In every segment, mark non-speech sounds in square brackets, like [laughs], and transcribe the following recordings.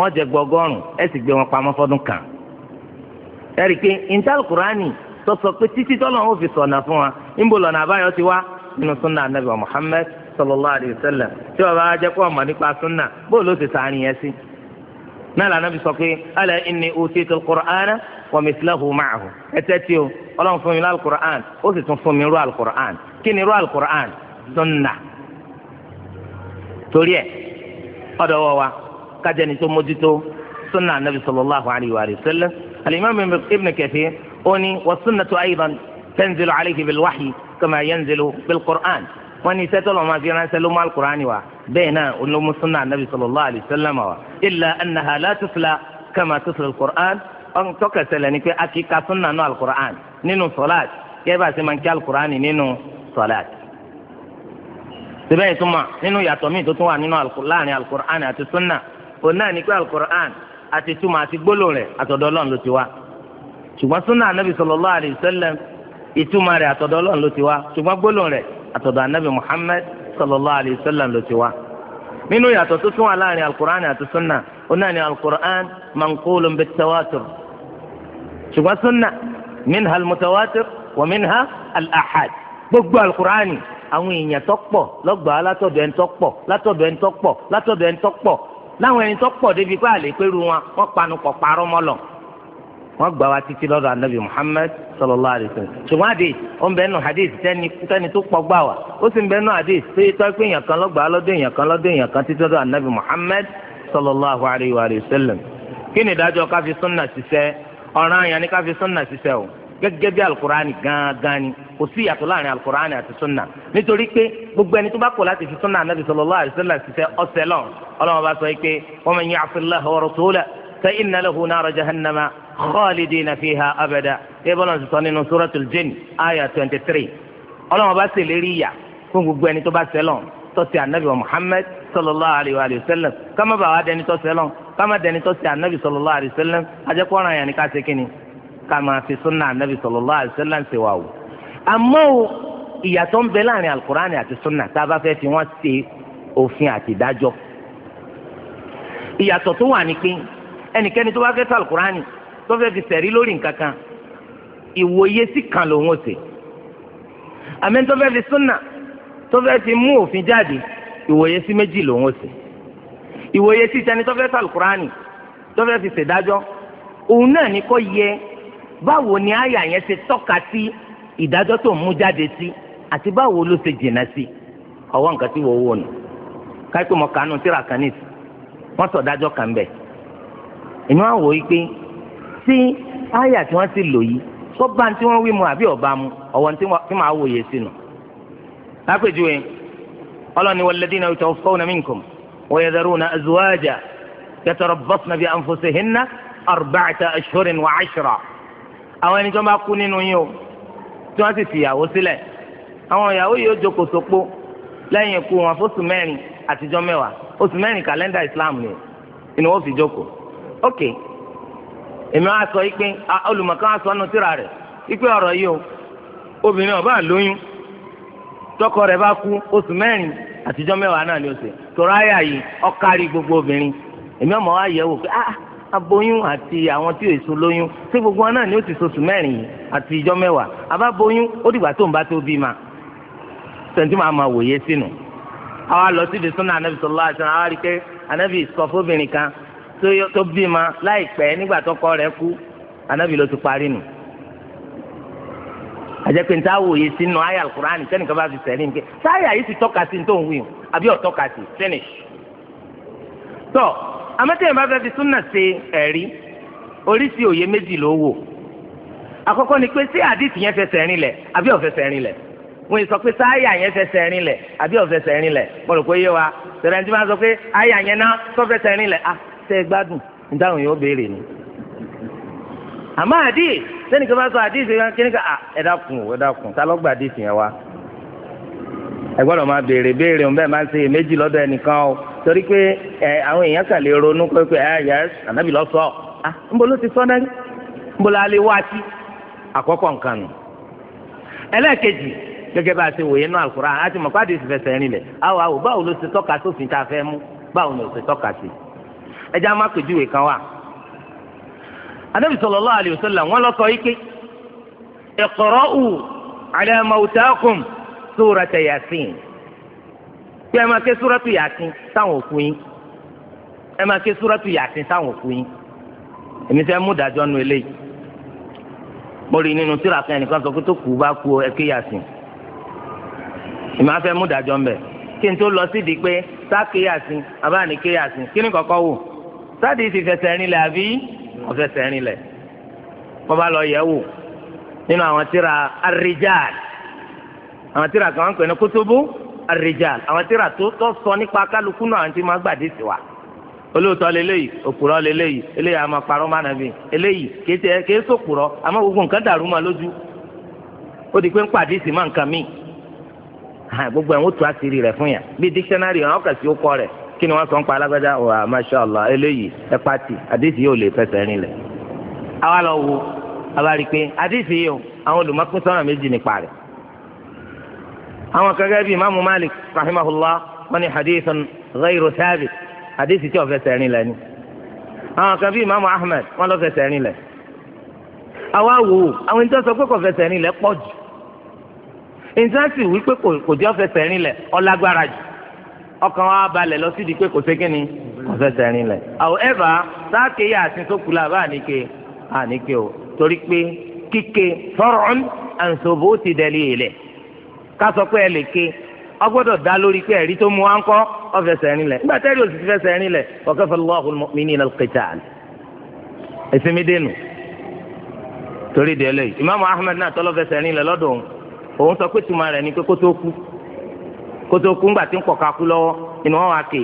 wọ́n jẹ gbọgọ́rùn ẹ sì gbé wọn pamọ́ fọ́dún kan ẹ̀rí pé intalukurani al sọ pé títí tọ́lọ́run ó fi sọ̀nà fún wa níbo lọ́nà àbáyọ ti wá nínú sunna anabi wa muhammed sallallahu alayhi tí wọ́n bá jẹ́ nípa ti sàárín yẹn sí. náà ala inni ẹ o ọlọ́run fún mi ní alukur'an ó sì tún fún mi kájẹni tó mójútó sunna anabi sallallahu alayhi wa sallam alimami ibn kathir ó ní wa sunnatu aydan tanzilu alayhi bil wahyi kama yanzilu bil qur'an wọn ní sẹtọ lọmọ fi ránṣẹ́ ló mú alukur'an wa bẹ́ẹ̀ náà olómú sunna anabi sallallahu alayhi wa sallam wa illa annaha la tusla kama tusla alukur'an ọ̀n tọ́ka ṣẹlẹ̀ ni pé a kì í ka sunna nù alukur'an nínú sọláàt kẹ́ẹ́ bá a kí alukur'an nínú sọláàt síbẹ̀ ìtumọ̀ nínú yàtọ̀ míì tó tún wà nínú láàrin sunna òun náà ní pé alukur'an àti túmọ̀ àti gbólóhùn rẹ̀ àtọ̀dọ̀ ọlọ́run ló ti wá ṣùgbọ́n súnà anabi sallallahu alayhi wasallam ìtumọ̀ rẹ̀ àtọ̀dọ̀ ọlọ́run ló ti wá ṣùgbọ́n gbólóhùn rẹ̀ àtọ̀dọ̀ anabi muhammad sallallahu alayhi wasallam ló ti wá. nínú yàtọ̀ tó tún wà láàrin alukur'an àti súnà òun náà ní alukur'an manqulun bitawatur ṣùgbọ́n súnà minha almutawatir wa minha al-ahad gbogbo alukur'ani àwọn èèyàn tó lọ́gbàá látọ̀dọ̀ ẹni látọ̀dọ̀ ẹni látọ̀dọ̀ ẹni láwọn ẹni tó pọ̀ débi pé àlè pẹ̀lú wọn wọ́n panu pọ̀ parọ́ mọ́ lọ. wọ́n gbà wá títí lọ́dọ̀ anabi muhammed sallallahu alayhi wa sallam ṣùgbọ́n àdé ó ń bẹ́ẹ̀ nù hadith tẹ́ni tẹ́ni tó pọ̀ gbà wá ó sì ń bẹ́ẹ̀ nù hadith tó yẹ tó pé èèyàn kan lọ́gbà lọ́dọ̀ èèyàn kan lọ́dọ̀ èèyàn kan títí lọ́dọ̀ anabi muhammed sallallahu alayhi wa sallam. kí ni ìdájọ́ káfi súnà ṣiṣẹ́ ọ̀ràn àyàn ni káfi súnà ṣiṣẹ́ o gẹ́gẹ́ bí alukur'ani gan-an gan-an ni kò sí ìyàtọ̀ láàrin alukur'ani àti sunna nítorí pé gbogbo ẹni tó bá kọ̀ láti fi sunna anabi sallallahu alaihi wasallam ṣiṣẹ́ ọ̀sẹ̀ lọ́n ọlọ́run bá sọ pé wa man ya'si Allaha wa rasulahu fa inna lahu nara jahannama khalidina fiha abada ebola ti sọ nínú suratul jinn aya twenty three ọlọ́run bá ṣèlérí ìyà fún gbogbo ẹni tó bá sẹ́lọ̀n tọ́sí anabi wa muhammad sallallahu alayhi wa sallam àmọ́ o ìyàtọ̀ ń bẹ láàrin alukurani àti sunna tá a bá fẹ́ fi wọ́n ṣe òfin àti ìdájọ́ ìyàtọ̀ tó wà ní pé ẹnikẹ́ni tó bá fẹ́ ta alukurani tó fẹ́ fi sẹ̀rí lórí nǹkan kan ìwòye sí kan lòun ò ṣe àmì tó fẹ́ fi sunna tó fẹ́ fi mú òfin jáde ìwòye sí méjì lòun ò ṣe ìwòye sí tẹni tó fẹ́ ta alukurani tó fẹ́ fi ṣèdájọ́ òun náà ni kò yẹ báwo ni àyà yẹn ṣe tọ́ka sí ìdájọ́ tó ń mú jáde sí àti báwo ló ṣe jìnnà sí ọwọ́ nǹkan tí wọ́n wò nù káyipẹ́ mọ̀ tíra kan ní ìsìn wọ́n sọ dájọ́ kan bẹ̀. èmi wá wò pé tí àyà tí wọ́n ti lò yìí tó bá tí wọ́n wí mu àbí ọ̀bá mu ọ̀wọ́ tí màá wòye sí nù. lápèjúwe ọlọ́ni walladhina yatawaffawna minkum wa yadharuna azwaja yatarabbasna arba'ata àwọn ẹni tó bá kú nínú o tí wọ́n sì fìyàwó sílẹ̀ àwọn ìyàwó yìí ó jókòó sópó lẹ́yìn ikú wọn fóṣù mẹ́rin àtijọ́ mẹ́wàá oṣù mẹ́rin kàlẹ́ndà Islam ni inú wọn fi jókòó ok èmi wá sọ pé olùmọ̀kan wá sọ ọ́nà tíra rẹ̀ pípé ọ̀rọ̀ yìí o obìnrin ọ̀bá lóyún tọkọ rẹ̀ bá kú oṣù mẹ́rin àtijọ́ mẹ́wàá náà ni ó ṣe tọ́ra ayà yìí ọ̀kárí gbogbo obìnrin èmi ọmọ wa yẹ̀ wò pé ah aboyún àti àwọn tí èso lóyún tí gbogbo wọn náà ni ó ti sọ̀sù mẹ́rin yìí àti ìjọ mẹ́wàá àbá boyún ó dìgbà tó ń bá tó bí ma sẹ́ńtì máa ma wòye sínú. àwa lọ síbi súnà anábì sallallahu alaihi wasallam àwa rí i pé anábì sọ fóbìnrin kan tó bí ma láìpẹ́ nígbà tọkọ rẹ̀ kú anábì ló ti parí nù àjẹpẹ́ níta wòye sínú àyà alukur'an sẹ́nìkan bá fi sẹ́ni nké sáyà yìí ti tọ́ka sí ní tó ń wí o àbí ọ̀tọ́ka sí finish. tọ́ amẹ́tẹ̀yìn bá fẹ́ fi súnà ṣe ẹ̀rí oríṣi òye méjì ló wò àkọ́kọ́ ni pé sí àdìsí yẹn fẹsẹ̀ rin lẹ̀ àbí ó rin lẹ̀ wọ́n sọ pé sáyà yẹn fẹsẹ̀ rin lẹ̀ àbí rin lẹ̀ mo rò pé wa tẹ̀lé ní ti sọ pé àyà yẹn náà sọ rin lẹ̀ ah tẹ́ ẹ gbádùn ni. àmọ́ sọ kí ni ká ah, ló gba wa. ẹ gbọ́dọ̀ máa béèrè béèrè torí pé ẹ àwọn èèyàn kà ronú pé pé ẹ ah, yẹ ànábì lọ sọ à ah, ti sọ náà rí ńbọ la wá sí àkọ́kọ́ nǹkan nù ẹlẹ́ẹ̀kejì gẹ́gẹ́ bá a ṣe wòye náà àti ìfẹsẹ̀ rìn lẹ̀ àwọn báwo ló tọ́ka sófin tá a fẹ́ mú báwo ni ò tọ́ka sí ẹjẹ́ má pèjúwe kan wà pé ẹ máa ké súrọ́tù yàtín sáwọn òkú yín ẹ máa ké súrọ́tù yàtín sáwọn òkú yín èmi fẹ́ mú ìdájọ́ nu eléyìí mo rí nínú tíra kan ẹnìkan sọ pé tó kù bá kú ẹ ké yàsìn èmi á fẹ́ mú ìdájọ́ mbẹ̀ kí n tó lọ sí di pé sá ké yàsìn àbá ní ké yàsìn kí ni kọ́kọ́ wò sáàdì ti fẹsẹ̀ rinlẹ̀ àbí ọ̀fẹsẹ̀ rinlẹ̀ wọ́n bá lọ yẹ̀ wò nínú àwọn tíra ar àwọn tíra kan wọ́n pè ní kútúbù ar àwọn tíra tó tọ́ sọ nípa kálukú náà àti máa gbàdé sí wa olóòótọ́ leléyìí òpùrọ́ leléyìí eléyìí àmọ́ parọ́ máa nàbí eléyìí kéte kéé sòpùrọ́ àmọ́ gbogbo nǹkan dàrú máa lójú ó di pé ń pàdé sí máa nǹkan míì gbogbo ẹ̀ ń tu àṣírí rẹ̀ fún yà bí sí ó rẹ̀ kí wọ́n sọ ń pa alágbájá masha eléyìí ẹ pati àdéhìí yóò lè fẹsẹ̀ lẹ̀ àwọn kankan bíi imaamu malik rahimahullah wọn ni hadithan ghayru thabit hadithi tí ó fẹsẹ̀ rìn lẹ́ni àwọn kan bíi imaamu ahmed wọn lọ fẹsẹ̀ rìn lẹ́ àwa wò àwọn ìjọ sọ pé kò fẹsẹ̀ rìn lẹ́ pọ̀ jù ìjọ sì wí pé kò jẹ́ fẹsẹ̀ rìn lẹ́ ọlágbára jù ọkàn wa balẹ̀ lọ sídìí pé kò sé kíni kò fẹsẹ̀ rìn lẹ̀. however sáàkì yà àti sókùlà bá àníke àníke o torí pé kíke sọ̀rọ̀ àǹsọ̀bù ti dẹ̀lé ilẹ̀ ká sọ pé ẹ lè ké ọgbọ́dọ̀ dá lórí pé ẹ̀rí tó mú wa ń kọ́ ọ̀fẹsẹ̀ rinlẹ̀ nígbà tẹ́lẹ̀ ò sì ti al-mu'minina al-qital ẹ̀sìn mi dénú torí Ahmed náà tọ́lọ́ fẹsẹ̀ rinlẹ̀ lọ́dọ̀ òun òun sọ pé tuma rẹ̀ ni pé kó kú kú ńgbà tí ń pọ̀ kakú lọ́wọ́ inú wọn wá ké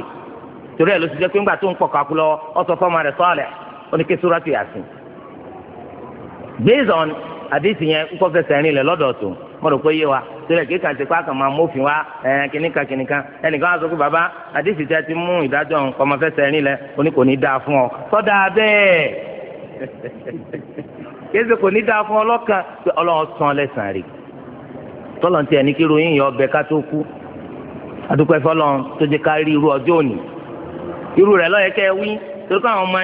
mo pé yé wa sílẹ̀ kí kàn ti pa kàn wa kìnnìkan kìnnìkan ẹnìkan á sọ bàbá àdìsí ti mú ìdájọ́ nǹkan ọmọ rìn lẹ oní kò ní dáa fún ọ sọ́dà bẹ́ẹ̀ [laughs] kò ní fún ọlọ́run sàn lẹ́sàn rè tọ́lọ̀ tiẹ̀ ní kí ròyìn yọ ọbẹ̀ ká tó kú adúpẹ́ fọlọ́n tó jẹ́ ká rí torí káwọn ọmọ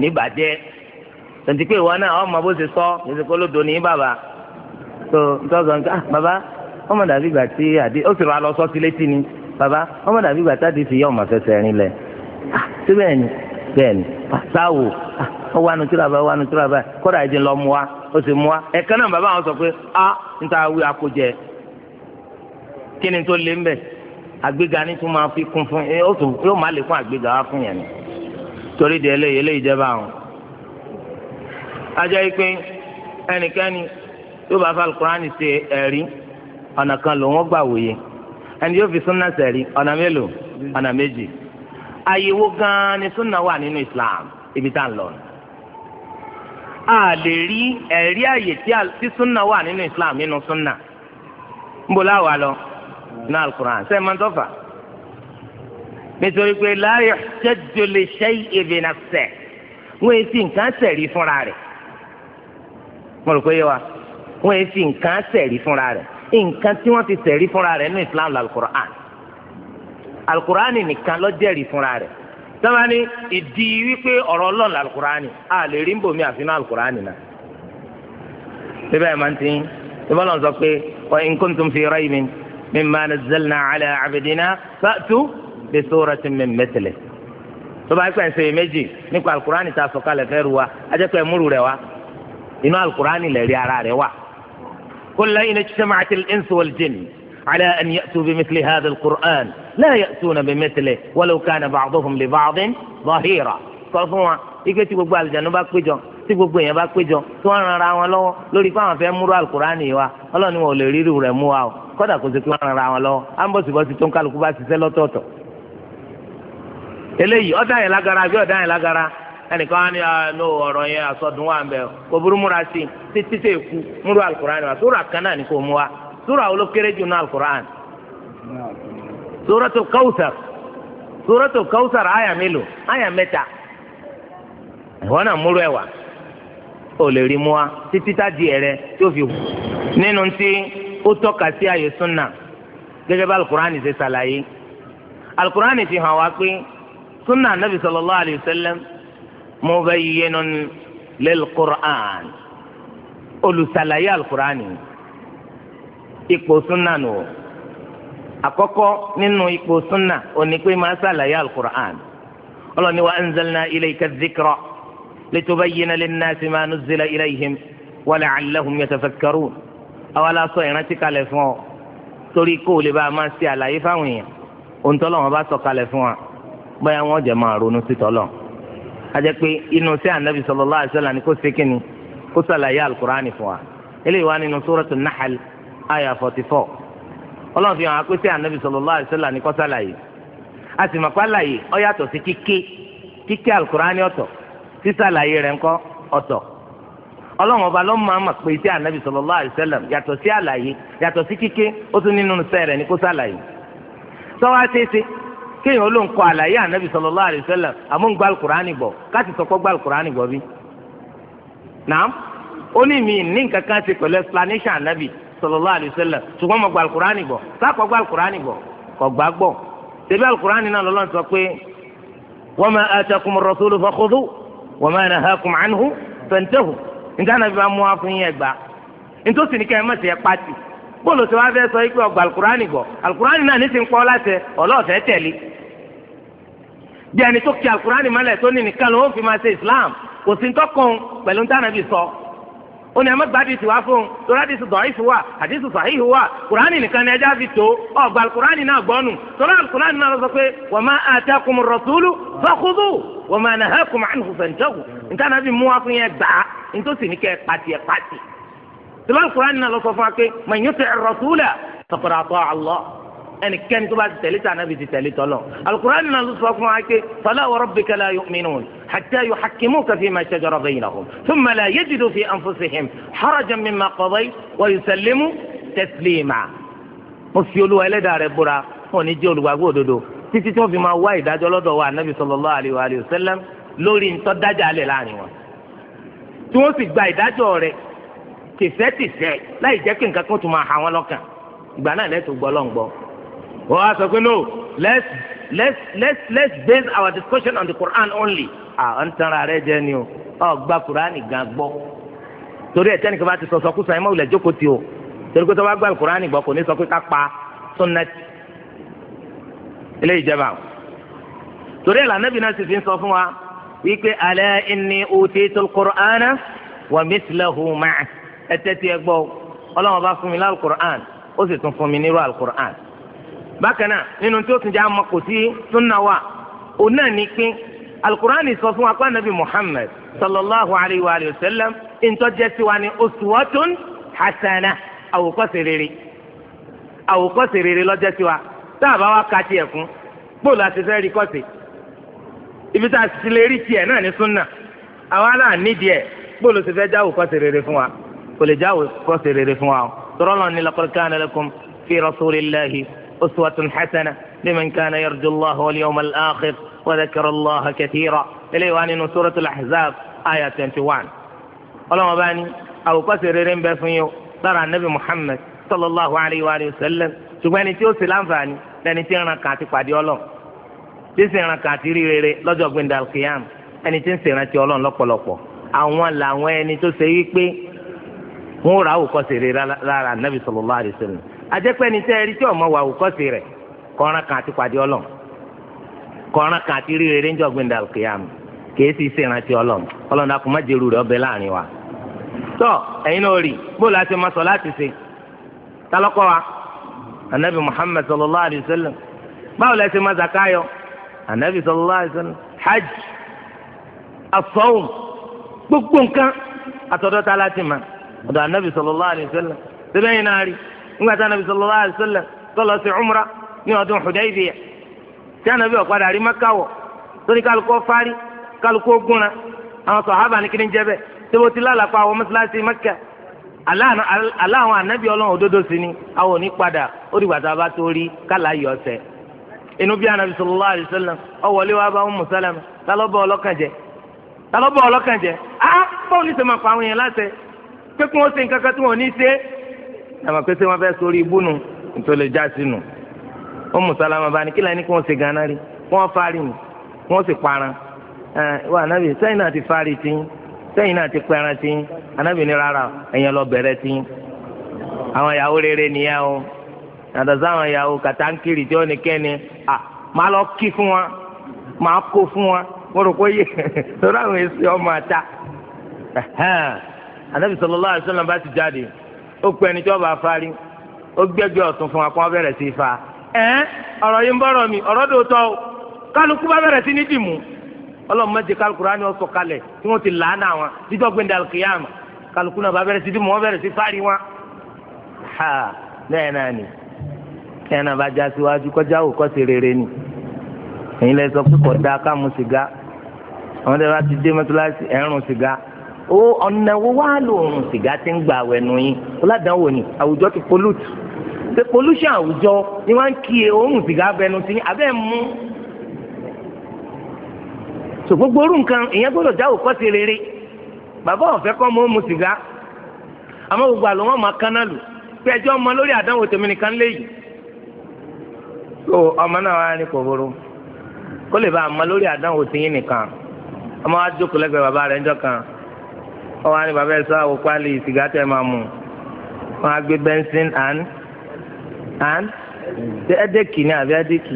yín ni tẹ̀ntì pé ìwọ náà ọmọ bó ṣe sọ èsì kó ló do ní bàbá tó ntọ́sọ̀ nǹkan ah, bàbá ọmọ dàbí ìgbà tí àdé ó sì rà lọ sọ́ọ́ sí ni bàbá ọmọ dàbí ìgbà tí àdé fi yá ọmọ fẹsẹ̀ rin lẹ̀ ah, ṣé bẹ́ẹ̀ ni bẹ́ẹ̀ ni ah, sáwò ó wà nù tíra báyìí ó wà nù tíra báyìí kódà ẹ̀jẹ̀ lọ mu wa ó sì mu wa ẹ̀kan náà bàbá àwọn sọ pé a ń ta awí akójẹ kí ni tó lé ń àgbéga ní tún máa fi kún fún yóò má lè fún àgbéga wá fún yẹn ni torí di eléyìí eléyìí jẹ́ báwọn ajá ikpe ẹnikẹ́ni tó bá fa alukurani ṣe ẹ̀rí ọ̀nà kan ló wọ́n gbà wòye ẹni yóò fi súnà sẹ̀rí ọ̀nà mélòó ọ̀nà méjì àyèwò gan-an ni súnà wà nínú Islam ibi tá à ń lọ a lè rí ẹ̀rí àyè tí súnà wà nínú Islam nínú súnà ń bọ̀ láwa lọ ní alukurani sẹ́ẹ̀ máa ń tọ́fà nítorí pé láyọ̀ ṣẹ́jọ́ lè ṣe ìbìnà sẹ̀ wọ́n ti nǹkan sẹ̀rí fúnra rẹ̀ mo rò pé yé wa wọn èé fi nǹkan sẹ̀rí fúnra rẹ̀ nǹkan tí wọ́n ti sẹ̀rí fúnra rẹ̀ nínú islam alukur'an alukur'an nìkan ló jẹ́rìí fúnra rẹ̀ sábà ní ìdí wípé ọ̀rọ̀ ọlọ́run alukur'an a lè rí nbomi àfihàn alukur'an náà bíbẹ́ ẹ̀ máa ń tin ìbọn lọ́n sọ pé wa in kuntum fi raymin mimma nazzalna ala abdina fa'tu bi suratin min mithlihi tó bá pẹ̀ ń ṣe méjì nípa alukur'an ta sọ̀kalẹ̀ inú alukur'ani lẹ́rìí ara rẹ̀ wà. قل لئن اجتمعت الإنس والجن على أن يأتوا بمثل هذا القرآن لا يأتون بمثله ولو كان بعضهم لبعض ظهيرا sọ fún wa ike tí gbogbo àlùjáde bá péjọ tí gbogbo èèyàn bá péjọ tí wọ́n ran ara wọn lọ́wọ́ lórí pé àwọn fẹ́ múrò alukurani wa Ọlọ́run wọn ò lè ríru rẹ̀ mú wa o kódà kò sí pé wọ́n ran wọn lọ́wọ́ à ń bọ̀ sí bọ́sí tó ń kálukú bá ṣiṣẹ́ lọ́tọ̀ọ̀tọ̀. eléyìí ọ̀dà yẹn lágara àbí ọ̀dà yẹn lágara ẹnìkan á ní àánú ah, ọ̀rọ̀ yẹn àsọdùn wà ń bẹ̀ kò burú múra sí i títí tẹ̀ kú múru alukur'an wa sóra kan náà ni kò mú wa sóra wo ló kéré jù ní alukur'an sóràtò kawusar sóràtò kawusar àyà mélòó àyà mẹ́ta ìwọ náà múru ẹ wà ó lè rí mú wa títí tá di ẹrẹ tó fi wù nínú tí ó tọ́ka sí àyè súnà gẹ́gẹ́ bá alukur'an ṣe ṣàlàyé alukur'an fi hàn wá pé súnà nàbì sallallahu alayhi wa sallam mubayyinun lil qur'an olùsàlàyé alukur'ani ipò sunna nù àkọ́kọ́ nínú ipò sunna òní pé máa sàlàyé alukur'an ọlọ́ni wa anzalna ilayka dhikra litubayyina linnasi ma nuzzila ilayhim wa la'allahum yatafakkarun àwa la sọ ìrántí kalẹ̀ fún ọ torí kó o lè bá a máa ṣe àlàyé fáwọn èèyàn òǹtọ́lọ́wọ́n bá sọ kalẹ̀ fún wa báyà wọ́n jẹ́ máa ronú sí tọ́lọ́wọ́ ajẹ́ pé inú sí anabi sallallahu alaihi wasallam kó sékè ni kó sàlàyé alukur'ani fún wa eléyìí wá nínú sóràtún nahal aya forty four ọlọ́run fi hàn á pé sí anabi sallallahu alaihi wasallam kó sàlàyé a sì mọ̀ pé àlàyé ó yàtọ̀ sí kíké kíké alukur'ani ọ̀tọ̀ sísàlàyé rẹ̀ ńkọ́ ọ̀tọ̀ ọlọ́run ọba ló máa mọ̀ pé sí anabi sallallahu alaihi wasallam yàtọ̀ sí àlàyé yàtọ̀ sí kíké ó tún nínú sẹ́rẹ̀ ní kó sàlàyé sọ́wọ́ á ṣeéṣe kéèyàn ló ń kọ àlàyé ànábì sallallahu alaihi wasallam àmọ́ ń gba alukurani bọ̀ káti sọ̀kọ́ gba alukurani bọ̀ bí. nàám ó ní mi ní nǹkan kan ṣe pẹ̀lú explanation ànábì sallallahu alaihi wasallam ṣùgbọ́n mo gba alukurani bọ̀ sáàkọ́ gba alukurani bọ̀ kọ̀ gbà gbọ́ ṣebí alukurani náà lọ́lọ́ sọ pé wa ma atakum ar-rasulu fakhudhu nítorí ànábì bá mú wa fún bóòlù tí wọ́n fẹ́ sọ pé ọgbà alukurani gbọ́ alukurani náà ní ti ń pọ́ láṣẹ ọlọ́ọ̀fẹ́ tẹ̀lé bí ẹni tó kí alukurani mọ́lẹ̀ tó ní nìkan ló ń fi máa ṣe islam kò sí tọkàn pẹ̀lú ntànàbí sọ ó ní ẹmọ gbàdí tiwa fún torí àdìsí dọ̀ọ́ìsì wà àdìsí sàhíhì wà kùránì nìkan ní ẹja fi tó ọgbà alukurani náà gbọ́nù torí alukurani náà lọ sọ pé wọ́n máa àtẹkùn rọ̀túlù fọ́kúdù wọ́n máa nàhẹ́kùn ànìkùfẹ̀ntẹ́kù ntànàbí mú wa fún yẹn gbà á ntòsí ní kẹ́ pàtì ẹ̀ tí wọn kúrò ànínà lọ sọ fún wa pé mà yín tẹ rọtúlà tọkọdà àtọ àlọ ẹnikẹ́ni tó bá ti tẹ̀lé tànà bí ti tẹ̀lé tọ́lọ̀ alukóra ànínà lọ sọ fún wa pé fala wa rabbika la yu'minun hatta yuhakkimuka fima shajara baynahum thumma la yajidu fi anfusihim harajan mimma qadayta wa yusallimu taslima mo fi olúwa ẹlẹ́dàá rẹ̀ búra wọn ní jẹ́ olùgbàgbọ́ òdodo títí tí fi máa wá ìdájọ́ lọ́dọ̀ wa anabi sallallahu alaihi wa alihi wasallam lórí ntọ́dájà alẹ́ láàrin wọn tí wọ́n sì gba ìdájọ́ rẹ̀ tìfẹ́tìfẹ́ láì jẹ́ kí nǹkan kan tún máa hà wọ́n lọ́kàn ìgbà náà lẹ́tọ̀ gbọ́ lọ́n wọ́n á sọ pé no let's let's let's let's base our discussion on the Quran only. à ń tanra rẹ jẹ ni o ọ gba Quran gan gbọ́ torí ẹ̀ tẹ́nìkan bá ti sọ̀sọ̀ kú sàn ẹ̀ má wulẹ̀ jókòó ti o torí pé tó bá gba Quran gbọ́ kò ní sọ pé ká pa sunnati ilé ìjẹba o torí ẹ̀ lànà bìnnà sì fi ń sọ fún wa wípé ala inni utitul Qur'ana wa mithlahu ma'ah ẹtẹ tí ẹ gbọ́ Ọlọ́run bá fún mi ní alukur'an ó sì tún fún mi nírú alukur'an bákan náà nínú tí ó tún jẹ àmọ́ kò sí súnà wa òun náà ní pín alukur'an sọ fún wa pé anabi muhammed sallallahu alayhi wa sallam ìtọ́jẹ́ sí wa ní uswatun hasana àwòkọ́ṣe rere àwòkọ́ṣe rere lọ́jẹ́ sí wa tá a bá wa ka tiẹ̀ fún bóòlù àti fẹ́ rí kọ́sì ibi tá a sì lè rí tiẹ̀ náà ní súnà àwa náà nídìí ẹ̀ bóòlù sì fẹ́ jáwò kọ́sì rere fún wa kò lè jáwé kó ṣe rere fún wa o tọrọ lọ ní laqad kana lakum fi rasulillahi uswatun hasana liman kana yarju allah wal yawmal akhir wa dhakara allah kathira eléyìí wà nínú suratul ahzab aya twenty one ọlọ́wọ́n bá ní àwòkọ́ṣe rere ń bẹ fún yín o lára anabi muhammad sallallahu alayhi wa sallam ṣùgbọ́n ẹni tí ó ṣe láǹfààní lẹni tí ń ran kàti pàdé ọlọ́ tí ń sì ran kàti rí rere lọ́jọ́ gbẹ̀ndà ẹni tí ń sì rántí ọlọ́run lọ́pọ̀lọpọ̀ àwọn làwọn ẹni tó ṣe wípé wọn rà àwòkọ́ṣe rẹ̀ lára anabi sallallahu alaihi wasallam àjẹpẹ́ tí ọmọ wà rẹ̀ kọ́ran kan àti pàdé ọlọm kọ́ran kan àti rí rere ń jọ gbẹ̀ndà kìyàmù kìí sì ṣe ìrántí dàkú má jẹ́rù rẹ̀ láàrin wa. náà rí bóòlù àti anabi muhammed báwo anabi hajj gbogbo nǹkan láti máa. ọ̀dọ̀ anabi sallallahu alaihi wasallam síbẹ̀ yìí náà rí nígbà anabi sallallahu alaihi wasallam tó lọ sí umra ní ọdún Hudaybiyah tí anabi ọ̀padà rí Mẹ́kà wọ̀ tó ní kálukú fárí kálukú gúnra àwọn sàhábà ní kíni jẹ́bẹ̀ síbo ti lálàpá àwọn anabi òdodo sí ni àwọn ó bá tó rí kálá yọ inú bí anabi sọlọ ọwọlé wa bá pé kí wọ́n ṣe nǹkan kan tí wọ́n ní ṣe àmọ́ pé ṣé wọ́n fẹ́ sórí ibú nu nítorí lè já sínú ó mùsàlámà bá ní kí lẹ́ni kí wọ́n ṣe ganan rí wọ́n fárí ni wọ́n sì paran wà ànábì sẹ́yìn náà ti fárí tí sẹ́yìn náà ti pẹran tí ànábì ní rárá ẹ̀yẹn lọ bẹ̀rẹ̀ tí àwọn ìyàwó rere nìyẹn o yàtọ̀ sáwọn ìyàwó kàtàǹkìrì tí ó ní kẹ́ni à máa lọ kí fún wa máa kó fún wa mo rò pé yé lọ́dọ̀ [laughs] àwọn èsì ọmọ àta anabi sallallahu alaihi wasallam bá ti jáde ó pe ẹni tí wọn bá fárí ó gbẹgbẹ ọ̀tún fún wa kó wọn bẹ̀rẹ̀ sí í fa ẹ ọ̀rọ̀ yìí ń bọrọ mi ọ̀rọ̀ dòótọ́ kálukú bá bẹ̀rẹ̀ sí ní dìmú ọlọ́run mẹ́jẹ kálukurani ọ̀sọ̀ kalẹ̀ tí wọ́n ti làánà wọn títọ́ gbẹ̀ndà kìyàmù kálukú náà bá bẹ̀rẹ̀ sí dìmú wọ́n bẹ̀rẹ̀ sí fárí wọn. ha bẹ́ẹ̀ náà ni kẹ́hìn náà bá já síwájú kọjá òkú kọ́ sí rere ni èyí lẹ sọ pé kọ̀ da ká mu sìgá àwọn bá ti dé mọ́tíláṣí o ọ̀nà wo wá lòrùn sìgá ti ń gbà wẹ̀nu yín ọ̀làdánwò ni àwùjọ ti pollute ṣe pollution àwùjọ ni wọ́n ń kí e sìgá bẹnu ti abẹ́ mú so gbogbo orú nǹkan ìyẹn gbọ́dọ̀ sí rere bàbá ọ̀fẹ́ kọ́ mọ́ mu sìgá àmọ́ gbogbo àlọ́ wọn máa kánná lù pé ẹjọ́ ọmọ lórí àdánwò tèmi nìkan léyìí so ọmọ náà wà ní kòkòrò kó lè bá jókòó lẹ́gbẹ̀ẹ́ bàbá rẹ̀ ńjọ́ wọ́n wá ní bàbá ẹ̀ sọ àwọn pálí sìgá tẹ̀ máa mú wọ́n á gbé bẹ́ńsìn àn àn ṣe ẹ́dẹ́kì ni àbí ẹ́dẹ́kì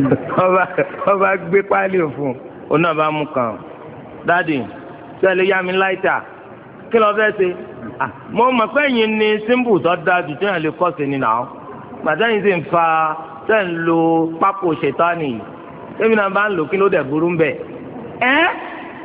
[laughs] wọ́n bá gbé pálí òfun òun náà bá mú kàn dáàdì sẹ́lẹ̀ yá mi láìta kí lọ́ọ́ fẹ́ ṣe ah, mo mọ̀ pé ẹ̀yin ni símbù tó dáa jù tó lè kọ́ sí ni nà ọ́ gbàdáyìn sì ń fa tẹ́ ń lo pákó ṣètánì yìí tẹ́mi náà bá ń lò kí ló dẹ̀ burú ń bẹ̀ ẹ́.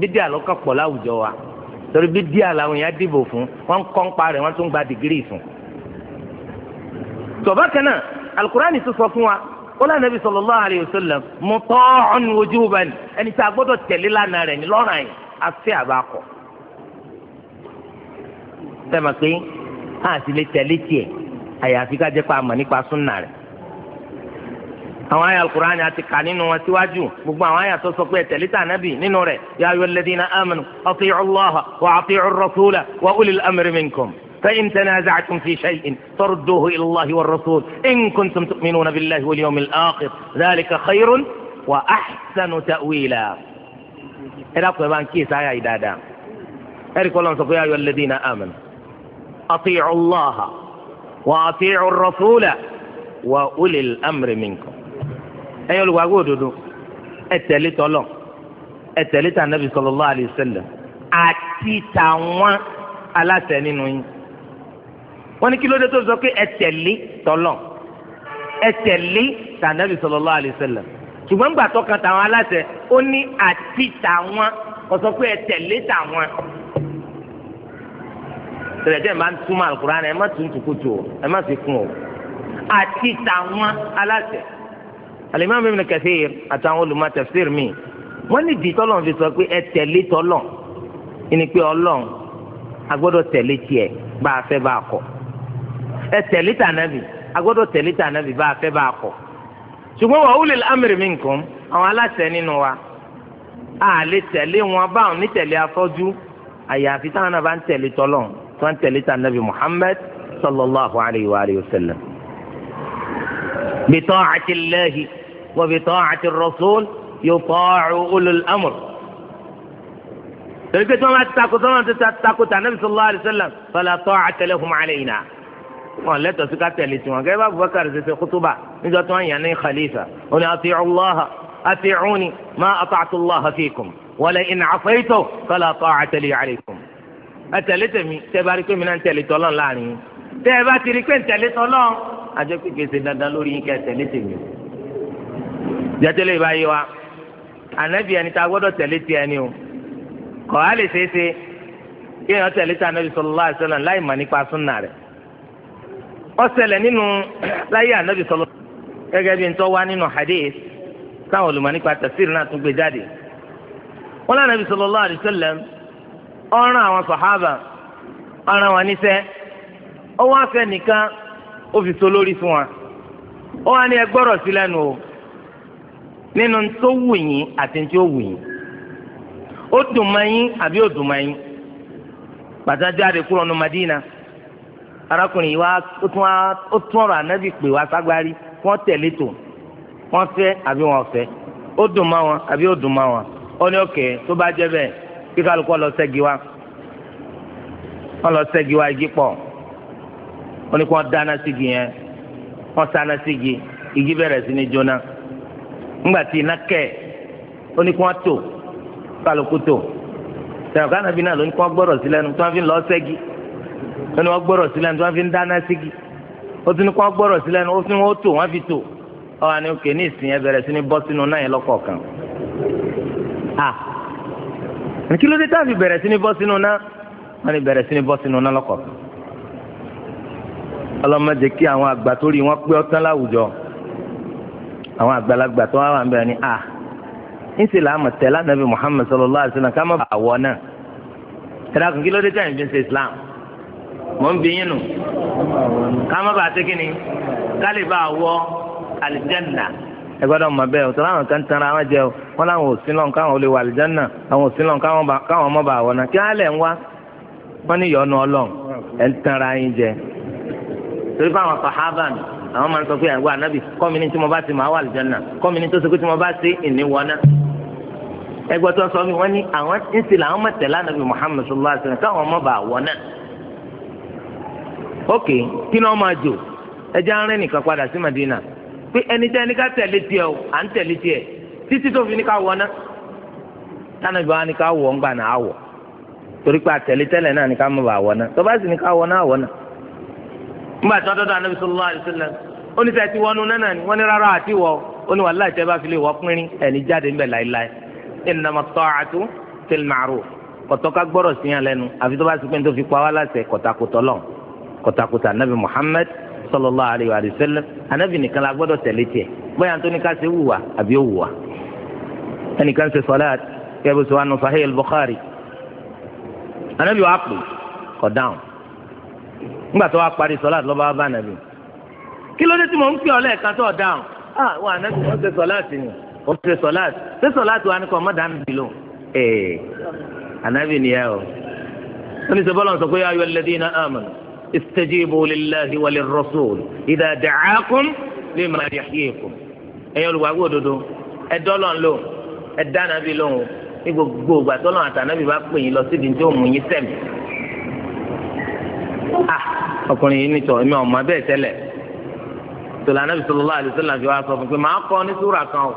bídíà lọ́kàn pọ̀ láwùjọ wa torí bídíà làwọn èèyàn dìbò fún wọn kọ́ ń parẹ́ wọn tún gba dìgírì fún. tọ́ba kan náà alukurani tó sọ fún wa wọ́n lànà bí sallallahu alayhi wa sallam muta'un wujuban ẹni tí a gbọ́dọ̀ tẹ̀lé lánàá rẹ̀ ní lọ́rùn àyè afẹ́ àbákọ̀. sẹ́mi pé a sì lè tẹ̀lé tiẹ̀ àyàfi ká jẹ́ pé a mọ̀ nípa súnà rẹ̀ àwọn àyà alukur'ani àti kà nínú wọn síwájú gbogbo àwọn àyà tó sọ pé tẹ̀lé tà nábì nínú rẹ̀ yà ayọ̀ lẹ́dínà amẹnu ọ̀tíyọ̀ ọlọ́ha wà ọ̀tíyọ̀ rọ̀túlà wà ulil amri minkum. فإن تنازعتم في شيء فردوه إلى الله والرسول إن كنتم تؤمنون بالله واليوم الآخر ذلك خير وأحسن تأويلا إذا بان كيس آية إدادا إذا كنت يا أيها الذين آمنوا أطيعوا الله وأطيعوا الرسول وأولي الأمر منكم ẹ̀yin olùwàgbọ́ òdodo ẹ tẹ̀lé tọ́lọ̀ ẹ tẹ̀lé tà nàbì sallallahu alaihi wasallam àti tàwọn aláṣẹ nínú yín wọ́n ní kí ló dé tó sọ pé ẹ tẹ̀lé tọ́lọ̀ ẹ tẹ̀lé tà nàbì sallallahu alaihi wasallam ṣùgbọ́n gbà tó kan tàwọn aláṣẹ ó ní àti tàwọn kò sọ pé ẹ tẹ̀lé tàwọn tẹ̀lẹ̀tẹ̀ máa ń túmọ̀ àlùkùránì ẹ má tún tùkùtù ẹ má fi kún o àti tàwọn aláṣẹ alimam ibn kathir àtàwọn olùmọ̀ tafsir mi wọ́n ní ìdí tọ́lọ̀ fi sọ pé ẹ tẹ̀lé tọ́lọ̀ ìní pé ọlọ́run a gbọ́dọ̀ tẹ̀lé tiẹ̀ bá a fẹ́ bá a kọ̀ ẹ tẹ̀lé tànàbì a gbọ́dọ̀ tẹ̀lé tànàbì bá a fẹ́ bá a kọ̀ ṣùgbọ́n wa ulil amri minkum àwọn aláṣẹ nínú wa a lè tẹ̀lé wọn báwọn nítẹ̀lé afọ́jú àyàfi táwọn náà bá ń tẹ̀lé tọ́lọ̀ tó ń tẹ̀lé tànàbì Muhammad sallallahu alayhi wa sallam bi ta'ati وبطاعة الرسول يطاع أولو الأمر torí pé tí wọn bá takò tí wọn bá takò tí anabi sọlá àdìsọlá fọlá tọ́ àtẹlẹ fún àlẹyìnà wọn lẹ́tọ̀ sí ká tẹ̀lé tiwọn gẹ́gẹ́ bá Abubakar ṣe ṣe kútúbà níjọ́ tí wọn yàn ní khalifa wọn ni àti ọlọ́ha àti ọ̀húnni má àtàtúlọ́ha fíkùm wọlé ìnà àfẹ́yìtò fọlá tọ́ àtẹlẹ àlẹkùm. ẹ tẹ̀lé tèmi tẹ́ bá rí pé mi náà ń tẹ̀lé tọ́lọ́ láàrin tẹ́ ẹ bá ti rí pé ń tẹ̀lé tọ́lọ́ àjẹpẹ́ kìí ṣe dandan lórí yín kẹ́ tẹ̀lé tèmi o jẹtẹlẹ ìbáyé wa ànábì ẹni tá a gbọ́dọ̀ tẹ̀lé tiẹ̀ ni o kọ á lè ṣeéṣe kí èèyàn tẹ̀lé tí ànábì sallallahu alaihi wasallam láì mọ̀ nípa súnà rẹ̀ ó ṣẹlẹ̀ nínú láyé ànábì sallallahu gẹ́gẹ́ bí ntọ́ wá nínú hadith táwọn olùmọ̀ nípa tafsir náà tún gbé jáde wọn lànà ànábì sallallahu alaihi wasallam ó rán àwọn sàhábà ó rán wọn níṣẹ́ ó wá fẹ́ nìkan ó fi so lórí fún wa ó wá ní sí lẹ́nu o nínú tó wù yín àti tí ó wù yín ó dùn mọ́ yín àbí ó dùn mọ́ yín pàtàkì àdè kúrò ní Madina arákùnrin yìí wá ó tún ọ̀rọ̀ ànábì pè wá ságbárí wọ́n tẹ̀lé tó wọ́n fẹ́ àbí wọ́n fẹ́ ó dùn mọ́ wọn àbí ó dùn mọ́ wọn ó ní òkè tó bá jẹ́ bẹ́ẹ̀ kí kálukú lọ ṣẹ́gi wá wọ́n lọ ṣẹ́gi wá igi pọ̀ ó ní kí wọ́n dáná sígi yẹn wọ́n sáná sígi igi bẹ̀rẹ̀ sí ní jóná. ńgbà tí iná kẹ́ ẹ̀ ó ní nàbí náà ló ní wọ́n gbọ́dọ̀ sí lẹ́nu wọ́n fi lọ sẹ́gi ó wọ́n gbọ́dọ̀ sí lẹ́nu tí wọ́n fi dáná sígi ó tún ní wọ́n gbọ́dọ̀ ó tún fi ni òkè ní ìsìn yẹn bẹ̀rẹ̀ sí bọ́ sínú náà bẹ̀rẹ̀ sí bọ́ sínú àwọn àgbàlagbà tó wà ń bẹ ni a ah, ńṣe là á mọ̀ tẹ́lá nàbì Muhammad sallallahu alaihi wasallam ká má bàa wọ náà tẹ́lá kò kí ló dé tẹ́yìn fi ń ṣe Islam mọ̀ ń bí yín nù ká má bàa tẹ́kí ni ká lè bá a wọ alìjẹ́nà ẹ gbọ́dọ̀ mọ̀ bẹ́ẹ̀ o tọ́lá àwọn kan tanra wọn jẹ o wọn làwọn ò lọ́n káwọn ò lè wọ àwọn ò lọ́n káwọn má bàa wọ náà kí á ń wá wọn ní yọ̀ọ́nù àwọn máa ń sọ pé àwọn ànábì kọ́mi ní tí mo bá ti máa wà àlùjánnà kọ́mi ní tó ṣe pé tí mo bá ṣe ìní wọná. ẹgbẹ́ tó sọ mi wọ́n ní àwọn ń ṣe làwọn máa tẹ̀lé ànábì Muhammad sallallahu alaihi wasallam káwọn ọmọ bá wọná. ok kí ni wọ́n máa jò ẹjẹ́ arìn nìkan padà sí Madina pé ẹni tẹ́ ẹni ká tẹ̀lé tiẹ̀ o à ń tẹ̀lé tiẹ̀ títí tó fi ní ká wọná. tánàbí wa ni ká wọ̀ ń gbà náà wọ̀ torí pé àtẹ̀lé tẹ́lẹ̀ náà ni ká mọ̀ bá wọná tó bá sì ní ká wọná àwọ̀ náà nígbà tí wọn dọdọ anabi sọlọ àdìsílẹ ó ní sẹẹtì wọnú nánà ni wọn ní rárá àti wọ ó ní wàhálà ìtẹ bá fi lè wọ pínrín ẹni jáde ńbẹ láéláé innama ta'atu fil ma'ruf kọtọ ká gbọrọ sí yàn lẹ́nu àfi tó bá ti pín tó fi pa wá láṣẹ kọtakùtọ lọ kọtakùtà anabi muhammed sọlọlọ àríwá àdìsílẹ anabi nìkan la gbọ́dọ̀ tẹ̀lé tiẹ̀ bóyá ntọ́ni ká ṣe wùwà àbí ó wùwà ẹnìkan ṣe sọlá nígbà tó wàá parí sọlá lọ́ba bá nàbì kí ló dé tí mò ń pè ọ́ lẹ́ẹ̀kan tó dáhùn ah wà nàbì ó ṣe sọlá tì ní ó ṣe sọlá ṣe sọlá tó wà ní kọ́ mọ́dà nàbì lò ee ànàbì nìyà o ó ní sọ́bọ́lọ́ sọ pé ayọ̀ alladhina amanu istajibu lillahi wa lirrasul idha da'akum lima yahyikum ẹ̀yin olùwàgbọ́ òdodo ẹ dọ́lọ́ lò ẹ dá nàbì lò ní gbogbo ìgbà tọ́lọ́ àtànàbì bá Ah, ọkùnrin yìí nìtọ̀ èmi ọ̀mọ bẹ́ẹ̀ tẹ́lẹ̀ tòlá anábì sallallahu alaihi wasallam fi wá sọ fún pé màá kọ́ ní súrà kan o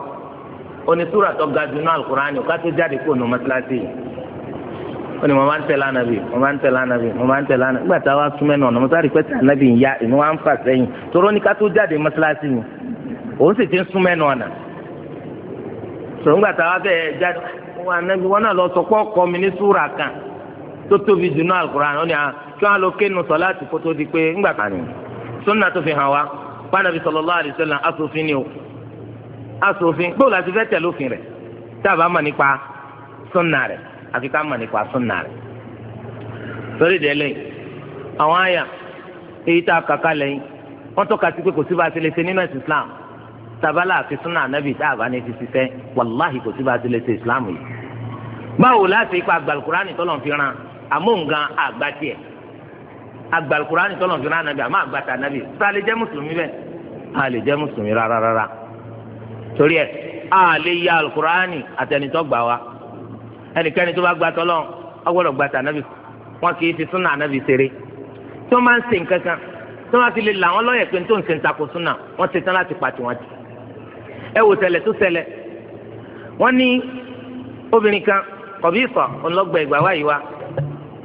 ó ní súrà tó ga jù náà alukur'ani o ká tó jáde kó nu mọ́tíláṣí yìí ó ní mo máa ń tẹ̀lé ànábì mo máa ń tẹ̀lé ànábì mo máa ń tẹ̀lé ànábì nígbà táwa súnmẹ́ náà mo sáré pẹ́ tí ànábì ń ya èmi wá ń fà sẹ́yìn toró ní ká tó jáde mọ́tíláṣí yìí òun sì ti ń súnmẹ́ náà nà sọ̀rọ̀ nígbà táwa bẹ́ẹ̀ jáde ànábì wọn náà lọ sọ pé ọkọ mi ní súrà kan tó tóbi jù náà alukur'ani ó ní ah, kí wọn lọ sọ láti kó tó di pé ńgbà kan ní sunna tó fi hàn wá ni o asòfin gbọ́dọ̀ láti fẹ́ tẹ̀lé òfin rẹ̀ tábà mọ̀ nípa sunna rẹ̀ àfi ká mọ̀ nípa sunna rẹ̀ délé àwọn àyà èyí tá a kàkà lẹ́yìn wọ́n tọ́ka sí pé kò sí ti lè ṣe nínú Islam tabala anabi tá a bá ní fi ṣiṣẹ́ wàláhì kò sí bá a ti lè ṣe Islam yìí báwo láti ipa agbalukurani tọ́lọ̀ fi rán anabi àmọ́ àgbàtà anabi tá a lè jẹ́ mùsùlùmí bẹ́ẹ̀ a lè jẹ́ mùsùlùmí rárá torí ẹ a lè ya alukurani àtẹnitọ́ gbà wa ẹnikẹ́ni tó bá gba tọ́lọ̀ ọgbọ́dọ̀ gbàtà anabi wọn kì í fi súnà anabi ṣeré tó máa ń ṣe nǹkan kan tó máa fi lè là wọn lọ́yẹ̀ pé tó ń ṣe ń takò súnà wọ́n ti tán láti pàtì wọn jù ẹ wò tẹ̀lẹ̀ tó tẹ̀lẹ̀ wọ́n ní obìnrin kan kọ̀bí ìfọ̀ ọlọ́gbà ìgbà wáyé wa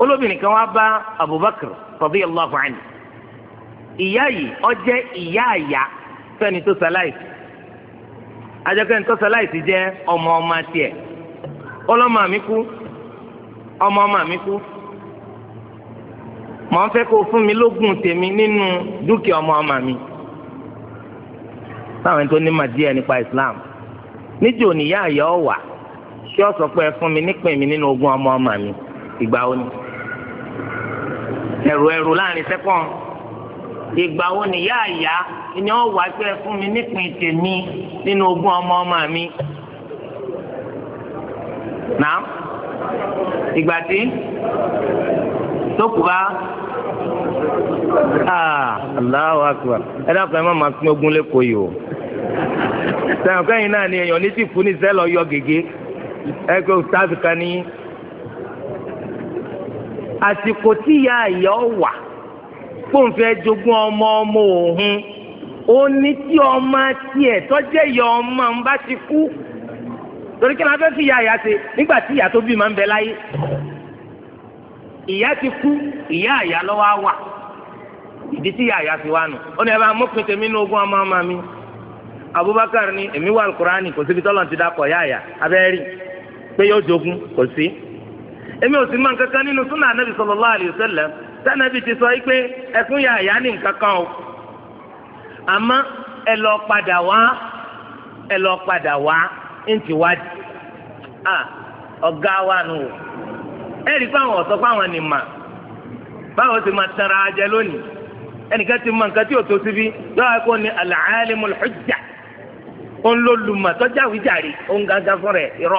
olóbìnrin kan wá bá Abubakar radiyallahu anhu ìyá yìí ó jẹ́ ìyá àyà fẹ́ni tó ṣaláìsí tó jẹ́ ọmọ ọmọ tiẹ̀ ọlọ́mọ mi kú ọmọ ọmọ mi kú mọ̀ ń fẹ́ kó fún mi lógún tèmi nínú dúkìá ọmọ ọmọ mi táwọn ẹni tó ní màdíẹ̀ nípa Islam níjó àyà ọ̀wà ọ pé ẹ mi nípìn mi nínú ọmọ ọmọ mi ìgbà ni. ẹrù ẹrù láàrin sẹ́kọ̀n ìgbà wo ni yá àyà ni wọ́n wá pé fún mi nípìn tèmi nínú ogún ọmọ ọmọ mi nàá ìgbà tí tókùbá aláwọ ah, àkùbà ẹ dákun ẹ má máa pín ogún lẹ́kọ̀ọ́ yìí o sẹ́yìn kẹ́yìn náà ni èèyàn ní ti fún ní sẹ́lọ̀ yọ gègé ẹ kó sáfì kan ní àsìkò tí ìyá ìyá ọ wà fóun fẹ́ jogún ọmọ ọmọ òun ó ní tí ọmọ tiẹ̀ tọ́jẹ́ ìyá ọmọ ń bá ti kú torí kí wọn fẹ́ fi ìyá ìyá ṣe nígbà tí ìyá tó bí máa ń bẹ láyé ìyá ti kú ìyá ìyá lọ́wọ́ á wà ìdí tí ìyá ìyá fi wá nù ó ní ẹ bá mọ́pin tèmi ní ogún ọmọ ọmọ mi Abubakar ni èmi wà lùkùránì kò síbi tọ́lọ̀ ti dà pọ̀ yá ìyá abẹ́rẹ́ pé yóò jogún kò sí. èmi ò sì mọ nǹkan kan nínú anabi sallallahu alayhi wa sanabi ti sọ pé ẹfún ya àyà ní nǹkan kan o ẹ lọ padà wá ẹ lọ padà wá wa nù o ẹ rí fáwọn ọ̀sọ́ fáwọn ni mà báwo máa tẹ̀ra ajẹ lónìí ẹnìkan ti mọ nǹkan tí o tó síbi yóò kó ni lùmọ̀ tọ́jà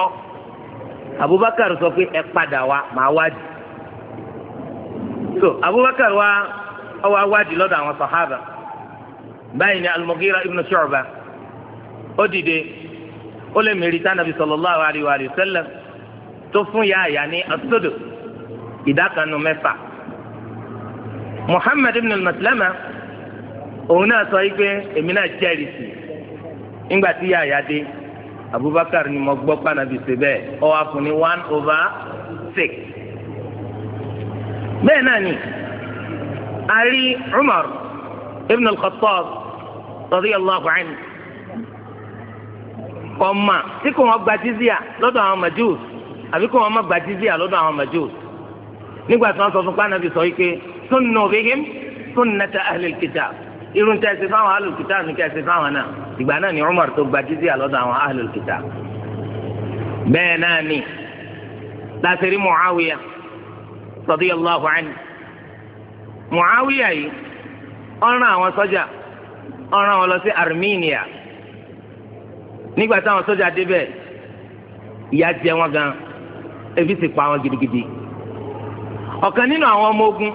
Abubakar sọ pé ẹ padà wá màá wádìí so Abubakar wa ọwọ awádìí lọ́dọ̀ àwọn sahaba báyìí ni Al-Mughira ibn Shu'ba ó dìde ó lè mèrì tá nàbì sallallahu alayhi wa sallam tó fún ya àyà ní asodò ìdákanu mẹ́fà Muhammad ibn al-Maslama òun náà sọ yìí pé èmi náà jẹ́rìí sí i ńgbà tí ya àyà dé abubakar ni mo gbọ́ pa nàbì ṣe bẹ́ẹ̀ ọ wá fún ní one over six bẹ́ẹ̀ náà ni a rí umar ibn al-khattab radiyallahu anhu kọ́mà tí kò wọ́n gba jizíà lọ́dọ̀ àwọn majus àbí kò wọ́n má gba jizíà àwọn majus nígbà tí wọ́n sọ fún pàànàbì sọ yìí pé sunnu bihim sunnata ahlil kitab. Iru tẹ́ ẹ ṣe fáwọn alùkìtà ní kẹ́ ẹ ṣe fáwọn náà ìgbà náà ni Umar tó gba jíjí àlọ́dọ̀ àwọn alùkìtà bẹ́ẹ̀ náà ni láti rí Muawiya radiyallahu anhu Muawiya yìí ọ̀ràn àwọn sọ́jà ọ̀ràn wọn lọ sí Armenia nígbà táwọn sọ́jà débẹ̀ ìyà jẹ wọn gan ebi sì pa wọn gidigidi ọ̀kan nínú ọmọ ogun